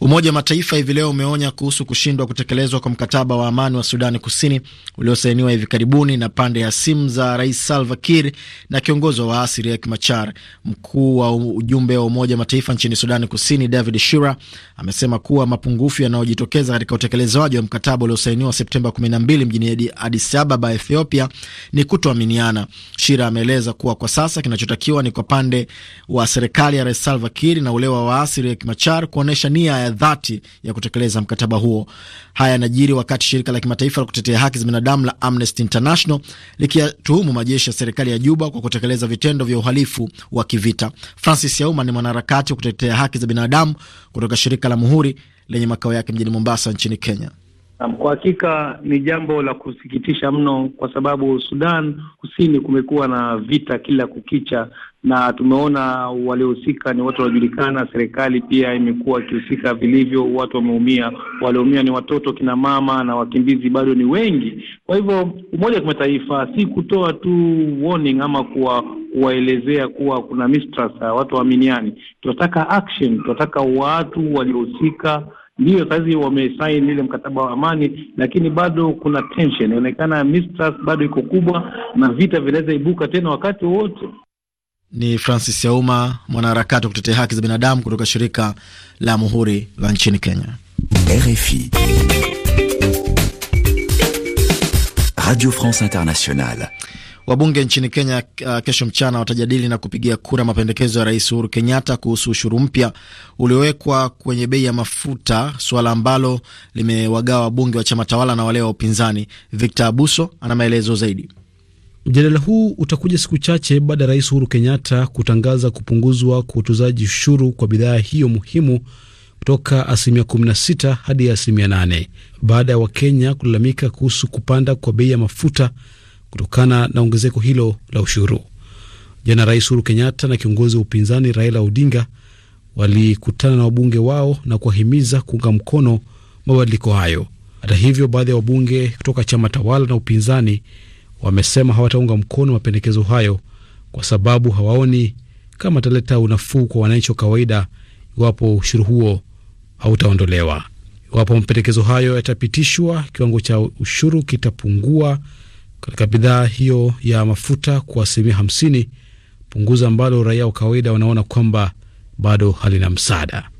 Umoja wa Mataifa hivi leo umeonya kuhusu kushindwa kutekelezwa kwa mkataba wa amani wa Sudani Kusini uliosainiwa hivi karibuni na pande ya simu za Rais Salva Kiir na kiongozi wa waasi Riek Machar. Mkuu wa ujumbe wa Umoja wa Mataifa nchini Sudani Kusini David Shira amesema kuwa mapungufu yanayojitokeza katika utekelezaji wa mkataba uliosainiwa Septemba 12 mjini Addis Ababa, Ethiopia, ni kutoaminiana. Shira ameeleza kuwa kwa sasa kinachotakiwa ni kwa pande wa serikali ya Rais Salva Kiir na ule wa waasi Riek Machar kuonyesha nia ya dhati ya kutekeleza mkataba huo. Haya yanajiri wakati shirika la kimataifa la kutetea haki za binadamu la Amnesty International likiyatuhumu majeshi ya serikali ya Juba kwa kutekeleza vitendo vya uhalifu wa kivita. Francis Yauma ni mwanaharakati wa kutetea haki za binadamu kutoka shirika la Muhuri lenye makao yake mjini Mombasa nchini Kenya. Kwa hakika ni jambo la kusikitisha mno, kwa sababu Sudan Kusini kumekuwa na vita kila kukicha, na tumeona waliohusika ni watu wanajulikana. Serikali pia imekuwa ikihusika vilivyo, watu wameumia. Walioumia ni watoto, kina mama na wakimbizi bado ni wengi. Kwa hivyo Umoja wa Kimataifa si kutoa tu warning ama kuwa kuwaelezea kuwa kuna mistrust, watu waaminiani. Tunataka action, tunataka watu waliohusika Ndiyo, sahizi wamesaini ile mkataba wa amani, lakini bado kuna tension inaonekana, mistrust bado iko kubwa, na vita vinaweza ibuka tena wakati wowote ni Francis Yauma, mwanaharakati wa kutetea haki za binadamu kutoka shirika la Muhuri la nchini Kenya. RFI Radio France Internationale. Wabunge nchini Kenya uh, kesho mchana watajadili na kupigia kura mapendekezo ya Rais Uhuru Kenyatta kuhusu ushuru mpya uliowekwa kwenye bei ya mafuta, suala ambalo limewagawa wabunge wa chama tawala na wale wa upinzani. Victor Abuso ana maelezo zaidi. Mjadala huu utakuja siku chache baada ya Rais Uhuru Kenyatta kutangaza kupunguzwa kwa utozaji ushuru kwa bidhaa hiyo muhimu kutoka asilimia 16 hadi asilimia 8 baada ya Wakenya kulalamika kuhusu kupanda kwa bei ya mafuta kutokana na ongezeko hilo la ushuru. Jana Rais Uhuru Kenyatta na kiongozi wa upinzani Raila Odinga walikutana na wabunge wao na kuwahimiza kuunga mkono mabadiliko hayo. Hata hivyo, baadhi ya wabunge kutoka chama tawala na upinzani wamesema hawataunga mkono mapendekezo hayo kwa sababu hawaoni kama ataleta unafuu kwa wananchi wa kawaida iwapo ushuru huo hautaondolewa. Iwapo mapendekezo hayo yatapitishwa, kiwango cha ushuru kitapungua katika bidhaa hiyo ya mafuta kwa asilimia hamsini, punguzo ambalo raia wa kawaida wanaona kwamba bado halina msaada.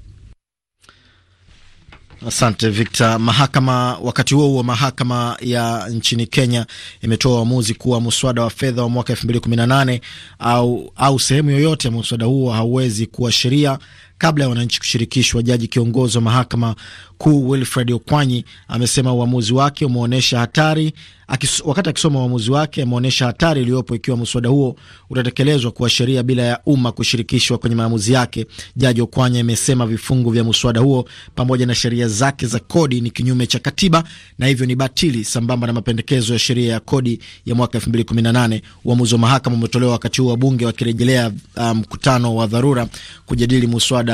Asante Victor. Mahakama wakati huo huo, mahakama ya nchini Kenya imetoa uamuzi kuwa mswada wa fedha wa mwaka nane au, au sehemu yoyote ya mswada huo hauwezi kuwa sheria kabla ya wananchi kushirikishwa. Jaji kiongozi wa mahakama kuu Wilfred Okwanyi amesema uamuzi wake umeonyesha hatari akis, wakati akisoma uamuzi wake ameonyesha hatari iliyopo ikiwa mswada huo utatekelezwa kuwa sheria bila ya umma kushirikishwa kwenye maamuzi yake. Jaji Okwanyi amesema vifungu vya mswada huo pamoja na sheria zake za kodi ni kinyume cha katiba na hivyo ni batili, sambamba na mapendekezo ya sheria ya kodi ya mwaka 2018. Uamuzi wa mahakama umetolewa wakati huu wabunge wakirejelea uh, mkutano um, wa dharura kujadili mswada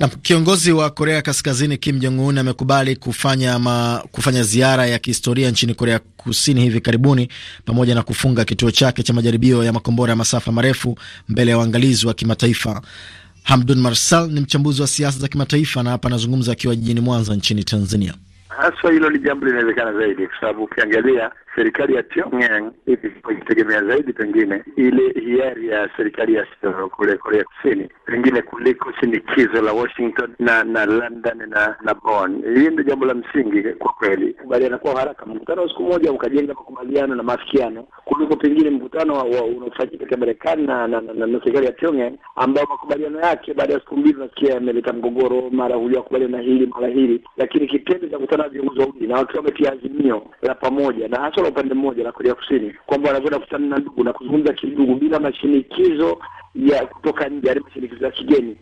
Na kiongozi wa Korea Kaskazini Kim Jong Un amekubali kufanya, ma, kufanya ziara ya kihistoria nchini Korea Kusini hivi karibuni pamoja na kufunga kituo chake cha majaribio ya makombora ya masafa marefu mbele ya waangalizi wa kimataifa. Hamdun Marsal ni mchambuzi wa siasa za kimataifa na hapa anazungumza akiwa jijini Mwanza nchini Tanzania. Haswa hilo ni jambo linawezekana zaidi, kwa sababu ukiangalia serikali ya Pyongyang ilitegemea zaidi pengine ile hiari ya serikali ya kule Korea Kusini pengine kuliko shinikizo la Washington na na London na na Bonn. Hili ndio jambo la msingi kwa kweli, kubaliana kwa haraka, mkutano wa siku moja ukajenga makubaliano na maafikiano kuliko pengine mkutano unaofanyika katika Marekani na na, na, na serikali ya Pyongyang ambayo makubaliano yake baada ya siku mbili unasikia yameleta mgogoro, mara na hili mara hili, lakini kitendo cha kukutana na viongozi wawili na wakiwa wametia azimio la pamoja na hasa kutoka upande mmoja la Korea Kusini kwamba wanakwenda kukutana na ndugu na kuzungumza kindugu bila mashinikizo ya kutoka nje, yaani mashinikizo ya kigeni.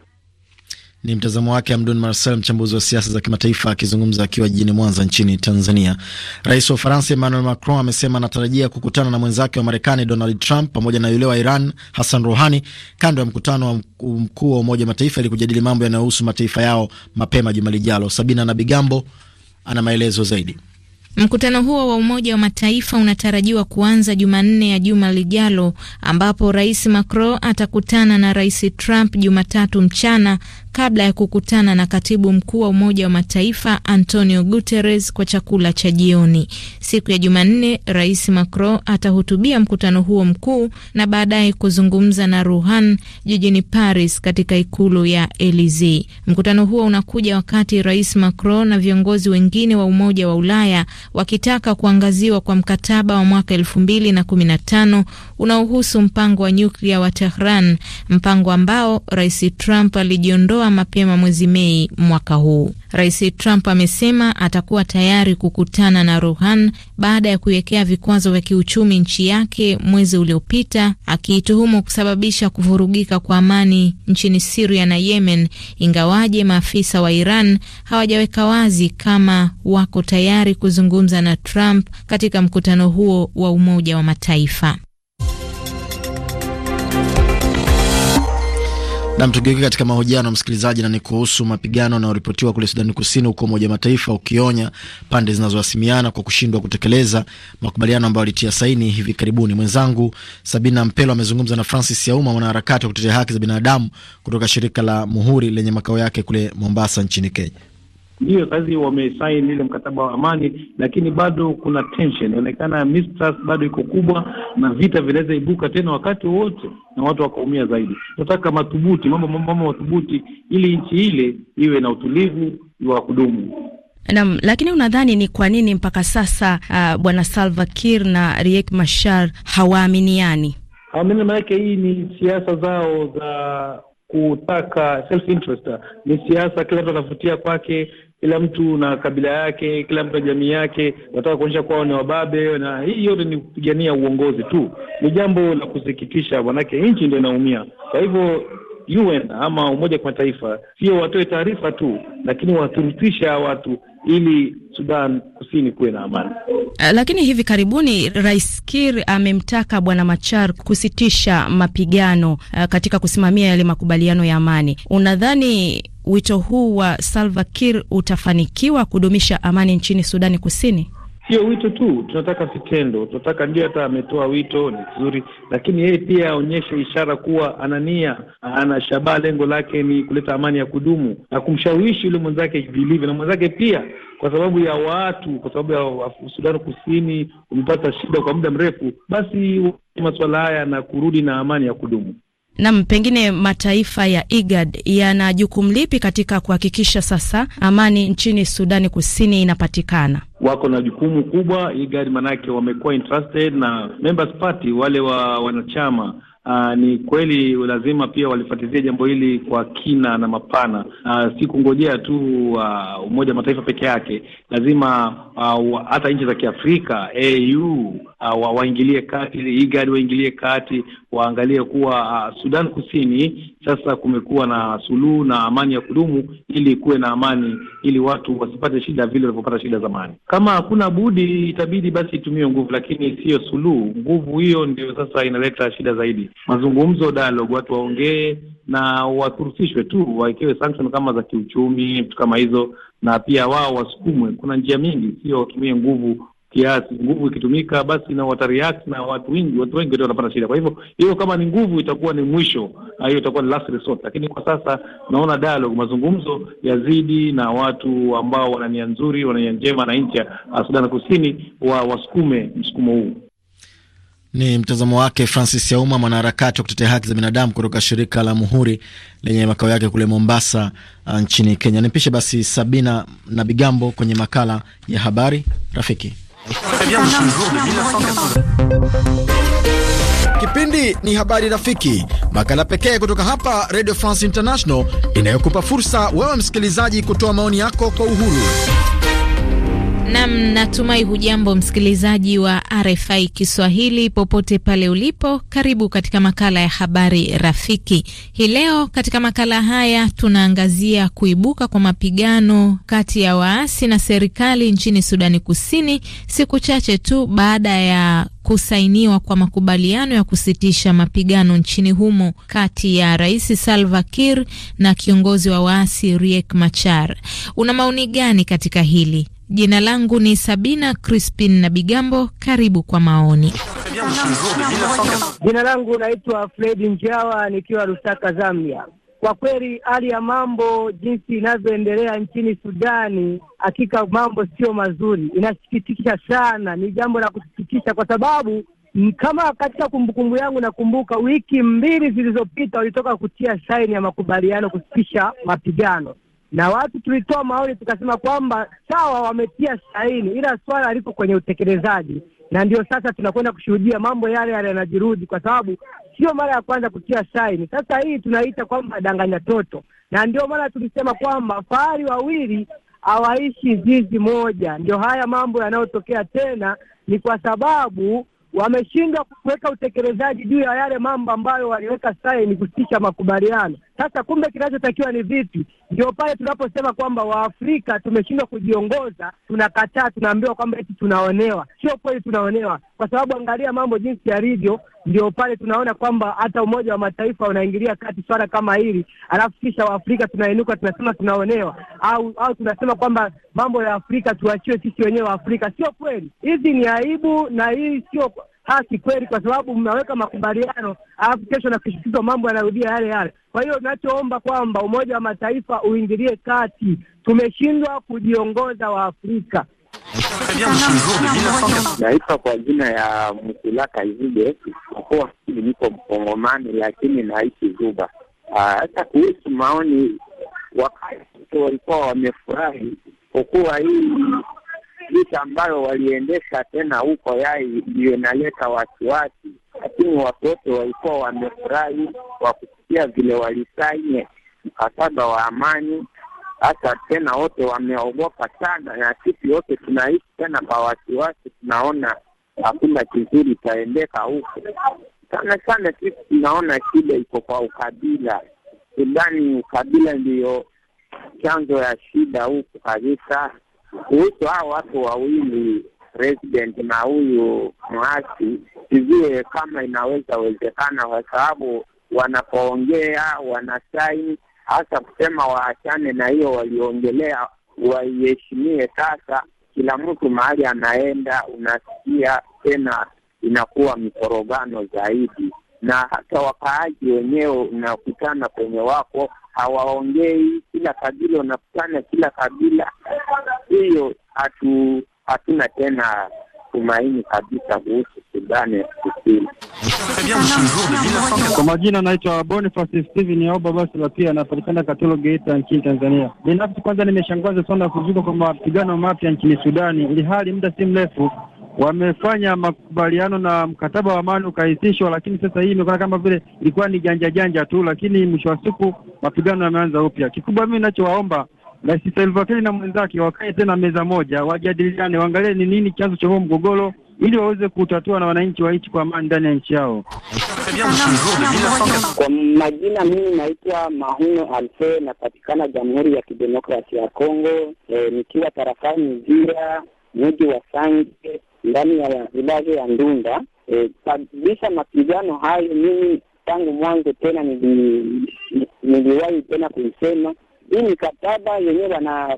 Ni mtazamo wake Amdun Marcel, mchambuzi wa siasa za kimataifa, akizungumza akiwa jijini Mwanza nchini Tanzania. Rais wa Ufaransa Emmanuel Macron amesema anatarajia kukutana na mwenzake wa Marekani Donald Trump pamoja na yule wa Iran Hassan Rouhani kando ya mkutano wa mkuu wa Umoja wa Mataifa ili kujadili mambo yanayohusu mataifa yao mapema juma lijalo. Sabina na Bigambo ana maelezo zaidi. Mkutano huo wa Umoja wa Mataifa unatarajiwa kuanza Jumanne ya juma lijalo ambapo Rais Macron atakutana na Rais Trump Jumatatu mchana kabla ya kukutana na katibu mkuu wa Umoja wa Mataifa Antonio Guterres kwa chakula cha jioni. Siku ya Jumanne, Rais Macron atahutubia mkutano huo mkuu na baadaye kuzungumza na Ruhan jijini Paris katika ikulu ya Elysee. Mkutano huo unakuja wakati Rais Macron na viongozi wengine wa Umoja wa Ulaya wakitaka kuangaziwa kwa mkataba wa mwaka elfu mbili na kumi na tano unaohusu mpango wa nyuklia wa Tehran, mpango ambao Rais Trump alijiondoa mapema mwezi Mei mwaka huu. Rais Trump amesema atakuwa tayari kukutana na Rohan baada ya kuiwekea vikwazo vya kiuchumi nchi yake mwezi uliopita, akiituhumu kusababisha kuvurugika kwa amani nchini Siria na Yemen, ingawaje maafisa wa Iran hawajaweka wazi kama wako tayari kuzungumza na Trump katika mkutano huo wa Umoja wa Mataifa. Nam, tugeuke katika mahojiano msikilizaji, na ni kuhusu mapigano yanayoripotiwa kule Sudani Kusini, huko Umoja Mataifa ukionya pande zinazohasimiana kwa kushindwa kutekeleza makubaliano ambayo alitia saini hivi karibuni. Mwenzangu Sabina Mpelo amezungumza na Francis Yauma, mwanaharakati wa kutetea haki za binadamu kutoka shirika la Muhuri lenye makao yake kule Mombasa nchini Kenya. Ndiyo, sahizi wamesaini ile mkataba wa amani, lakini bado kuna tension inaonekana, mistrust bado iko kubwa, na vita vinaweza ibuka tena wakati wowote na watu wakaumia zaidi. Tunataka madhubuti, mambo mambo madhubuti, ili nchi ile iwe na utulivu wa kudumu. Naam, lakini unadhani ni kwa nini mpaka sasa uh, bwana Salva Kiir na Riek Machar hawaaminiani? Hawaaminiani ah, maanake hii ni siasa zao za kutaka self interest. Ni siasa, kila mtu anavutia kwake, kila mtu na kabila yake, kila mtu na jamii yake, wanataka kuonyesha kwao ni wababe, na hii yote ni kupigania uongozi tu. Ni jambo la kusikitisha, manake nchi ndio inaumia. Kwa hivyo UN ama Umoja wa taifa sio watoe taarifa tu, lakini hawa watu ili Sudan Kusini kuwe na amani. Eh, lakini hivi karibuni Rais Kir amemtaka Bwana Machar kusitisha mapigano eh, katika kusimamia yale makubaliano ya amani. Unadhani wito huu wa Salva Kir utafanikiwa kudumisha amani nchini Sudani Kusini? Sio wito tu, tunataka vitendo, tunataka ndio. Hata ametoa wito ni vizuri, lakini yeye pia aonyeshe ishara kuwa ana nia, ana shabaha, lengo lake ni kuleta amani ya kudumu na kumshawishi yule mwenzake vilivyo, na mwenzake pia, kwa sababu ya watu, kwa sababu ya Sudani Kusini umepata shida kwa muda mrefu, basi masuala haya na kurudi na amani ya kudumu. Nam, pengine mataifa ya IGAD yana jukumu lipi katika kuhakikisha sasa amani nchini Sudani Kusini inapatikana? Wako na jukumu kubwa IGAD, manake wamekuwa interested na members party wale wa wanachama Aa, ah, ni kweli lazima pia walifuatilia jambo hili kwa kina na mapana. Aa, ah, si kungojea tu uh, Umoja wa Mataifa peke yake, lazima hata uh, nchi za Kiafrika AU uh, waingilie kati IGAD waingilie kati, waangalie kuwa uh, Sudan Kusini sasa kumekuwa na suluhu na amani ya kudumu, ili kuwe na amani, ili watu wasipate shida vile walivyopata shida zamani. Kama hakuna budi, itabidi basi itumie nguvu, lakini siyo suluhu. Nguvu hiyo ndio sasa inaleta shida zaidi. Mazungumzo, dialogue, watu waongee na wakurusishwe tu, wawekewe sanction kama za kiuchumi, vitu kama hizo, na pia wao wasukumwe. Kuna njia mingi, sio watumie nguvu kiasi, nguvu ikitumika basi na watareact na watu wengi, watu wengi ndio wanapata shida. Kwa hivyo hiyo kama ni nguvu itakuwa ni mwisho, na hiyo itakuwa ni last resort, lakini kwa sasa naona dialogue, mazungumzo yazidi na watu ambao wana nia nzuri, wana nia njema na nchi ya Sudan Kusini wa wasukume msukumo huu. Ni mtazamo wake Francis Yauma, mwanaharakati wa kutetea haki za binadamu kutoka shirika la Muhuri lenye makao yake kule Mombasa, uh, nchini Kenya. Nipishe basi Sabina na Bigambo kwenye makala ya habari rafiki. Très bien, jour de Kipindi ni habari rafiki, makala pekee kutoka hapa Radio France International inayokupa fursa wewe msikilizaji kutoa maoni yako kwa uhuru. Nam, natumai hujambo msikilizaji wa RFI Kiswahili popote pale ulipo. Karibu katika makala ya habari rafiki. Hii leo katika makala haya tunaangazia kuibuka kwa mapigano kati ya waasi na serikali nchini Sudani Kusini siku chache tu baada ya kusainiwa kwa makubaliano ya kusitisha mapigano nchini humo kati ya Rais Salva Kiir na kiongozi wa waasi Riek Machar. Una maoni gani katika hili? Jina langu ni Sabina Crispin na Bigambo. Karibu kwa maoni. Jina langu naitwa Fredi Njawa nikiwa Lusaka, Zambia. Kwa kweli hali ya mambo jinsi inavyoendelea nchini Sudani, hakika mambo sio mazuri, inasikitisha sana. Ni jambo la kusikitisha kwa sababu kama katika kumbukumbu yangu nakumbuka wiki mbili zilizopita walitoka kutia saini ya makubaliano kusitisha mapigano, na watu tulitoa maoni tukasema kwamba sawa, wametia saini, ila swala liko kwenye utekelezaji, na ndio sasa tunakwenda kushuhudia mambo yale yale yanajirudi, kwa sababu sio mara ya kwanza kutia saini. Sasa hii tunaita kwamba danganya toto, na ndio maana tulisema kwamba fahari wawili hawaishi zizi moja. Ndio haya mambo yanayotokea tena, ni kwa sababu wameshindwa kuweka utekelezaji juu ya yale mambo ambayo waliweka saini kusitisha makubaliano. Sasa kumbe kinachotakiwa ni vipi? Ndio pale tunaposema kwamba Waafrika tumeshindwa kujiongoza, tunakataa, tunaambiwa kwamba eti tunaonewa. Sio kweli tunaonewa, kwa sababu angalia mambo jinsi yalivyo. Ndio pale tunaona kwamba hata Umoja wa Mataifa unaingilia kati swala kama hili, alafu kisha Waafrika tunainuka tunasema tunaonewa, au au tunasema kwamba mambo ya Afrika tuachiwe sisi wenyewe Waafrika. Sio kweli, hizi ni aibu na hii sio haki kweli, kwa sababu mnaweka makubaliano alafu kesho na nakisikizwa mambo yanarudia yale yale. Kwa hiyo nachoomba kwamba Umoja wa Mataifa uingilie kati, tumeshindwa kujiongoza Afrika. Naitwa kwa jina ya Mkulaka Izige, mkoa hili niko Mkongomani, lakini naishi Zuba. Ah, hata kuhusu maoni, wakati walikuwa wamefurahi kwa kuwa hii vita ambayo waliendesha tena huko Yai ndiyo inaleta wasiwasi, lakini watoto walikuwa wamefurahi kwa kusikia vile walisaini mkataba wa amani. hasa tena wote wameogopa sana, na sisi wote tunaishi tena kwa wasiwasi, tunaona hakuna kizuri itaendeka huko. Sana sana sisi tunaona shida iko kwa ukabila. Sudani ukabila ndiyo chanzo ya shida huku kabisa kuhusu hao watu wawili resident na huyu mwasi, sijue kama inaweza wezekana, kwa sababu wanapoongea wanasaini hasa kusema waachane na hiyo waliongelea, waiheshimie. Sasa kila mtu mahali anaenda, unasikia tena inakuwa mikorogano zaidi, na hata wakaaji wenyewe unakutana kwenye wako hawaongei, kila kabila wanafukana, kila kabila hiyo. Hatu hatuna tena tumaini kabisa kuhusu Sudani ya Kusini. Kwa majina anaitwa Boniface Steven Yaoba basi la pia anapatikana Katolo Geita nchini Tanzania. Binafsi kwanza nimeshangaza sana kuzuka kwa mapigano mapya nchini Sudani, ili hali muda si mrefu wamefanya makubaliano na mkataba wa amani ukahisishwa lakini sasa hii imekuwa kama vile ilikuwa ni janja janja tu, lakini mwisho wa siku mapigano yameanza upya. Kikubwa mimi ninachowaomba Rais Salva Kiir na mwenzake wakae tena meza moja, wajadiliane, waangalie ni nini chanzo cha huo mgogoro ili waweze kutatua na wananchi wa nchi kwa amani ndani ya nchi yao. Kwa majina, mimi naitwa Mahuno Alfe, napatikana Jamhuri ya Kidemokrasia ya Kongo, e, nikiwa tarafani Uvira, mji wa Sange ndani ya vilaje ya Ndunda e, kabisa. E, mapigano hayo mimi tangu mwanzo tena niliwahi tena kuisema hii mikataba yenyewe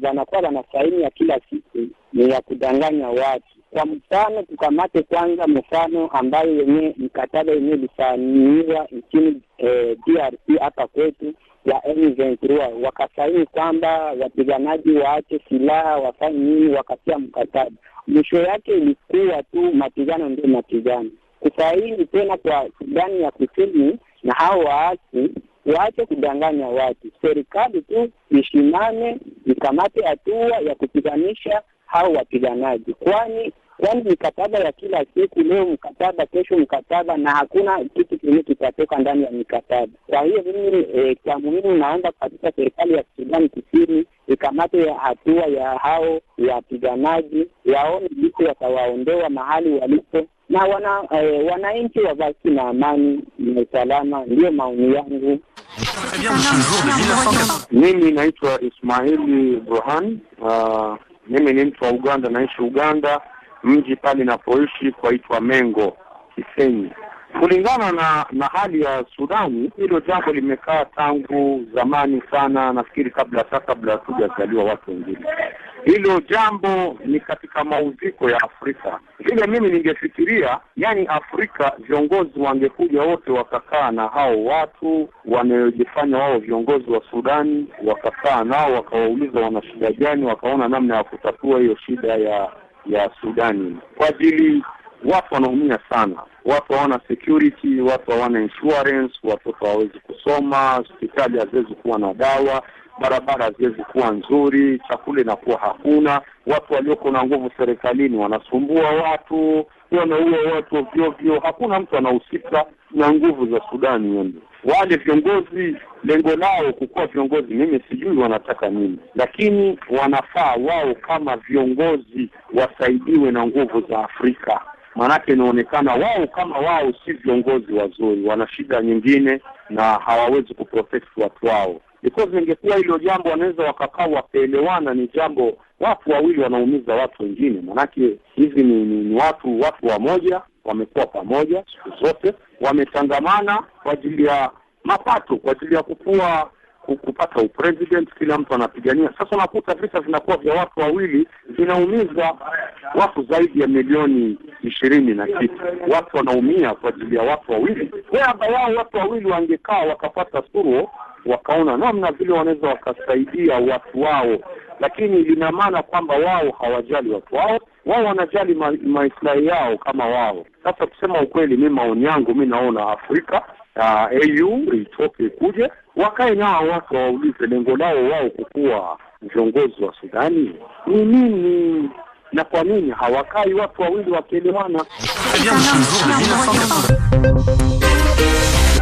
wanakuwa wanasaini ya kila siku ni ya kudanganya watu. Kwa mfano, tukamate kwanza mfano ambayo yenye mkataba yenyewe ilisainiwa nchini e, DRC hapa kwetu ya M23 wakasaini kwamba wapiganaji waache silaha wafanye nini, wakatia mkataba. Mwisho yake ilikuwa tu mapigano ndio mapigano, kusaini tena kwa Sudani ya Kusini na hao waasi waache kudanganya watu. Serikali tu ishimame ikamate hatua ya kupiganisha hao wapiganaji, kwani kwani mikataba ya kila siku, leo mkataba, kesho mkataba, na hakuna kitu kingine kitatoka ndani ya mikataba. Kwa hiyo mimi e, cha muhimu naomba katika serikali ya Sudani Kusini ikamate ya hatua ya hao wapiganaji, waone lipo watawaondoa mahali walipo na wana, eh, wananchi wabaki na amani na usalama. Ndiyo maoni yangu. Mimi naitwa Ismaili Burhan. Uh, mimi ni mtu wa Uganda, naishi Uganda mji pale inapoishi kwaitwa Mengo Kisenyi. Kulingana na na hali ya Sudani, hilo jambo limekaa tangu zamani sana, nafikiri kabla hata kabla hatujazaliwa watu wengine. Hilo jambo ni katika mauziko ya Afrika. Vile mimi ningefikiria, yani Afrika viongozi wangekuja wote wakakaa na hao watu wanaojifanya wao viongozi wa Sudani, wakakaa nao wakawauliza wana shida gani, wakaona namna ya kutatua hiyo shida ya ya Sudani kwa ajili watu wanaumia sana, watu hawana security, watu hawana insurance, watoto hawawezi kusoma, hospitali haziwezi kuwa na dawa, barabara haziwezi kuwa nzuri, chakula inakuwa hakuna. Watu walioko na nguvu serikalini wanasumbua watu, wanaua watu ovyoovyo, hakuna mtu anahusika na nguvu za Sudani yani. Wale viongozi lengo lao kukuwa viongozi, mimi sijui wanataka nini, lakini wanafaa wao kama viongozi wasaidiwe na nguvu za Afrika, maanake inaonekana wao kama wao si viongozi wazuri, wana shida nyingine na hawawezi kuprotect watu wao because ingekuwa hilo jambo wanaweza wakakaa wakaelewana, ni jambo watu wawili wanaumiza watu wengine, manake hizi ni, ni, ni watu watu wamoja, wamekuwa pamoja siku zote, wametangamana kwa ajili ya mapato, kwa ajili ya kukua kupata upresident, kila mtu anapigania. Sasa unakuta vita vinakuwa vya watu wawili, vinaumiza watu zaidi ya milioni ishirini na kitu. Watu wanaumia kwa ajili ya watu wawili. Weaba yao watu wawili wangekaa wakapata suruo, wakaona namna vile wanaweza wakasaidia watu wao lakini lina maana kwamba wao hawajali watu wao, wao wanajali maslahi yao kama wao. Sasa kusema ukweli, mi maoni yangu mi naona Afrika uh, itoke ikuje wakae nao watu wawaulize lengo lao wao kukuwa viongozi wa Sudani ni nini na kwa nini hawakai watu wawili wakielewana.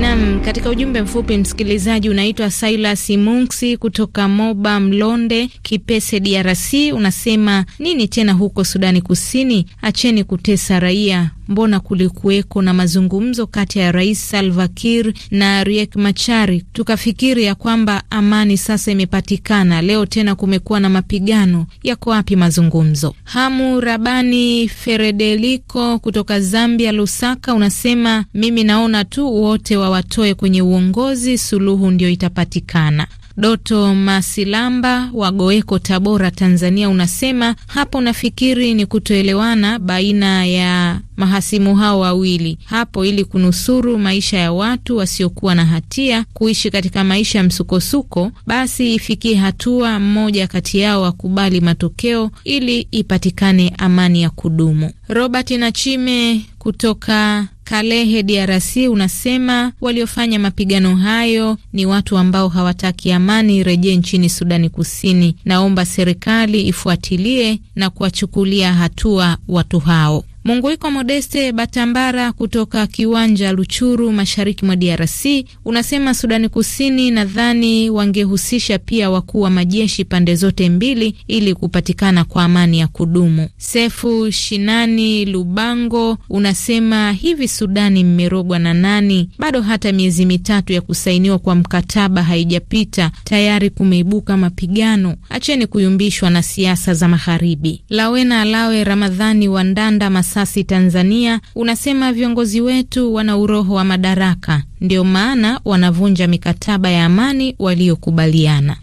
Nam, katika ujumbe mfupi msikilizaji unaitwa Silas Munksi kutoka Moba Mlonde Kipese, DRC, unasema nini tena huko Sudani Kusini? Acheni kutesa raia. Mbona kulikuweko na mazungumzo kati ya Rais Salva Kiir na Riek Machari, tukafikiri ya kwamba amani sasa imepatikana. Leo tena kumekuwa na mapigano. Yako wapi mazungumzo? Hamu Rabani Feredeliko kutoka Zambia, Lusaka, unasema mimi naona tu wote wa wawatoe kwenye uongozi, suluhu ndio itapatikana. Doto Masilamba wa Goeko, Tabora, Tanzania, unasema hapo nafikiri ni kutoelewana baina ya mahasimu hao wawili hapo, ili kunusuru maisha ya watu wasiokuwa na hatia kuishi katika maisha ya msukosuko, basi ifikie hatua mmoja kati yao wakubali matokeo ili ipatikane amani ya kudumu. Robert Nachime kutoka Kalehe, DRC, unasema waliofanya mapigano hayo ni watu ambao hawataki amani rejee nchini Sudani Kusini. Naomba serikali ifuatilie na kuwachukulia hatua watu hao. Munguiko Modeste Batambara kutoka Kiwanja Luchuru, mashariki mwa DRC, unasema Sudani Kusini nadhani wangehusisha pia wakuu wa majeshi pande zote mbili ili kupatikana kwa amani ya kudumu. Sefu Shinani Lubango unasema hivi, Sudani mmerogwa na nani? Bado hata miezi mitatu ya kusainiwa kwa mkataba haijapita, tayari kumeibuka mapigano. Acheni kuyumbishwa na siasa za magharibi. Lawena Alawe Ramadhani wa ndanda risasi Tanzania unasema viongozi wetu wana uroho wa madaraka, ndio maana wanavunja mikataba ya amani waliokubaliana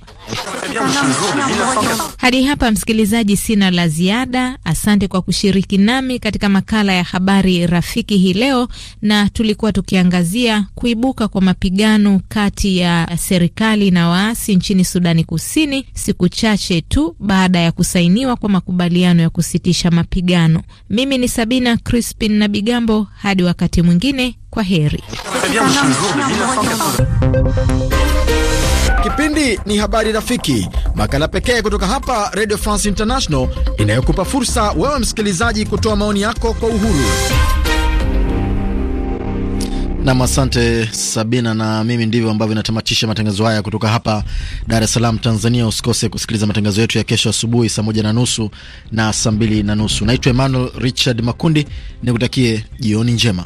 hadi hapa msikilizaji, sina la ziada. Asante kwa kushiriki nami katika makala ya habari rafiki hii leo, na tulikuwa tukiangazia kuibuka kwa mapigano kati ya serikali na waasi nchini Sudani Kusini siku chache tu baada ya kusainiwa kwa makubaliano ya kusitisha mapigano. Mimi ni Sabina Crispin na Bigambo, hadi wakati mwingine, kwa heri. Kipindi ni Habari Rafiki, makala pekee kutoka hapa Radio France International inayokupa fursa wewe msikilizaji kutoa maoni yako kwa uhuru. Nam, asante Sabina. Na mimi ndivyo ambavyo inatamatisha matangazo haya kutoka hapa Dar es Salaam, Tanzania. Usikose kusikiliza matangazo yetu ya kesho asubuhi saa moja na nusu na saa mbili na nusu. Naitwa Emmanuel Richard Makundi, nikutakie jioni njema.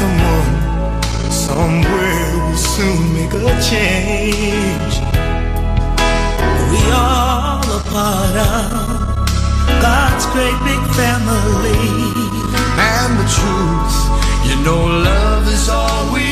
someone somewhere will soon make a change. We all are part of God's great big family. And the truth, you know, love is all we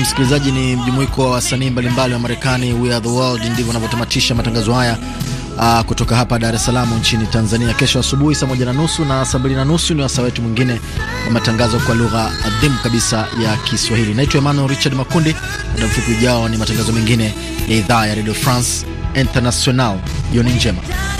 msikilizaji, ni mjumuiko wa wasanii mbalimbali wa Marekani. We are the world, ndivyo anavyotamatisha matangazo haya uh, kutoka hapa Dar es Salaam nchini Tanzania. Kesho asubuhi saa moja na nusu na saa mbili na nusu ni wasaa wetu mwingine wa matangazo kwa lugha adhimu kabisa ya Kiswahili. Naitwa Emmanuel Richard Makundi. Muda mfupi ujao ni matangazo mengine ya idhaa ya Radio France International. Jioni njema.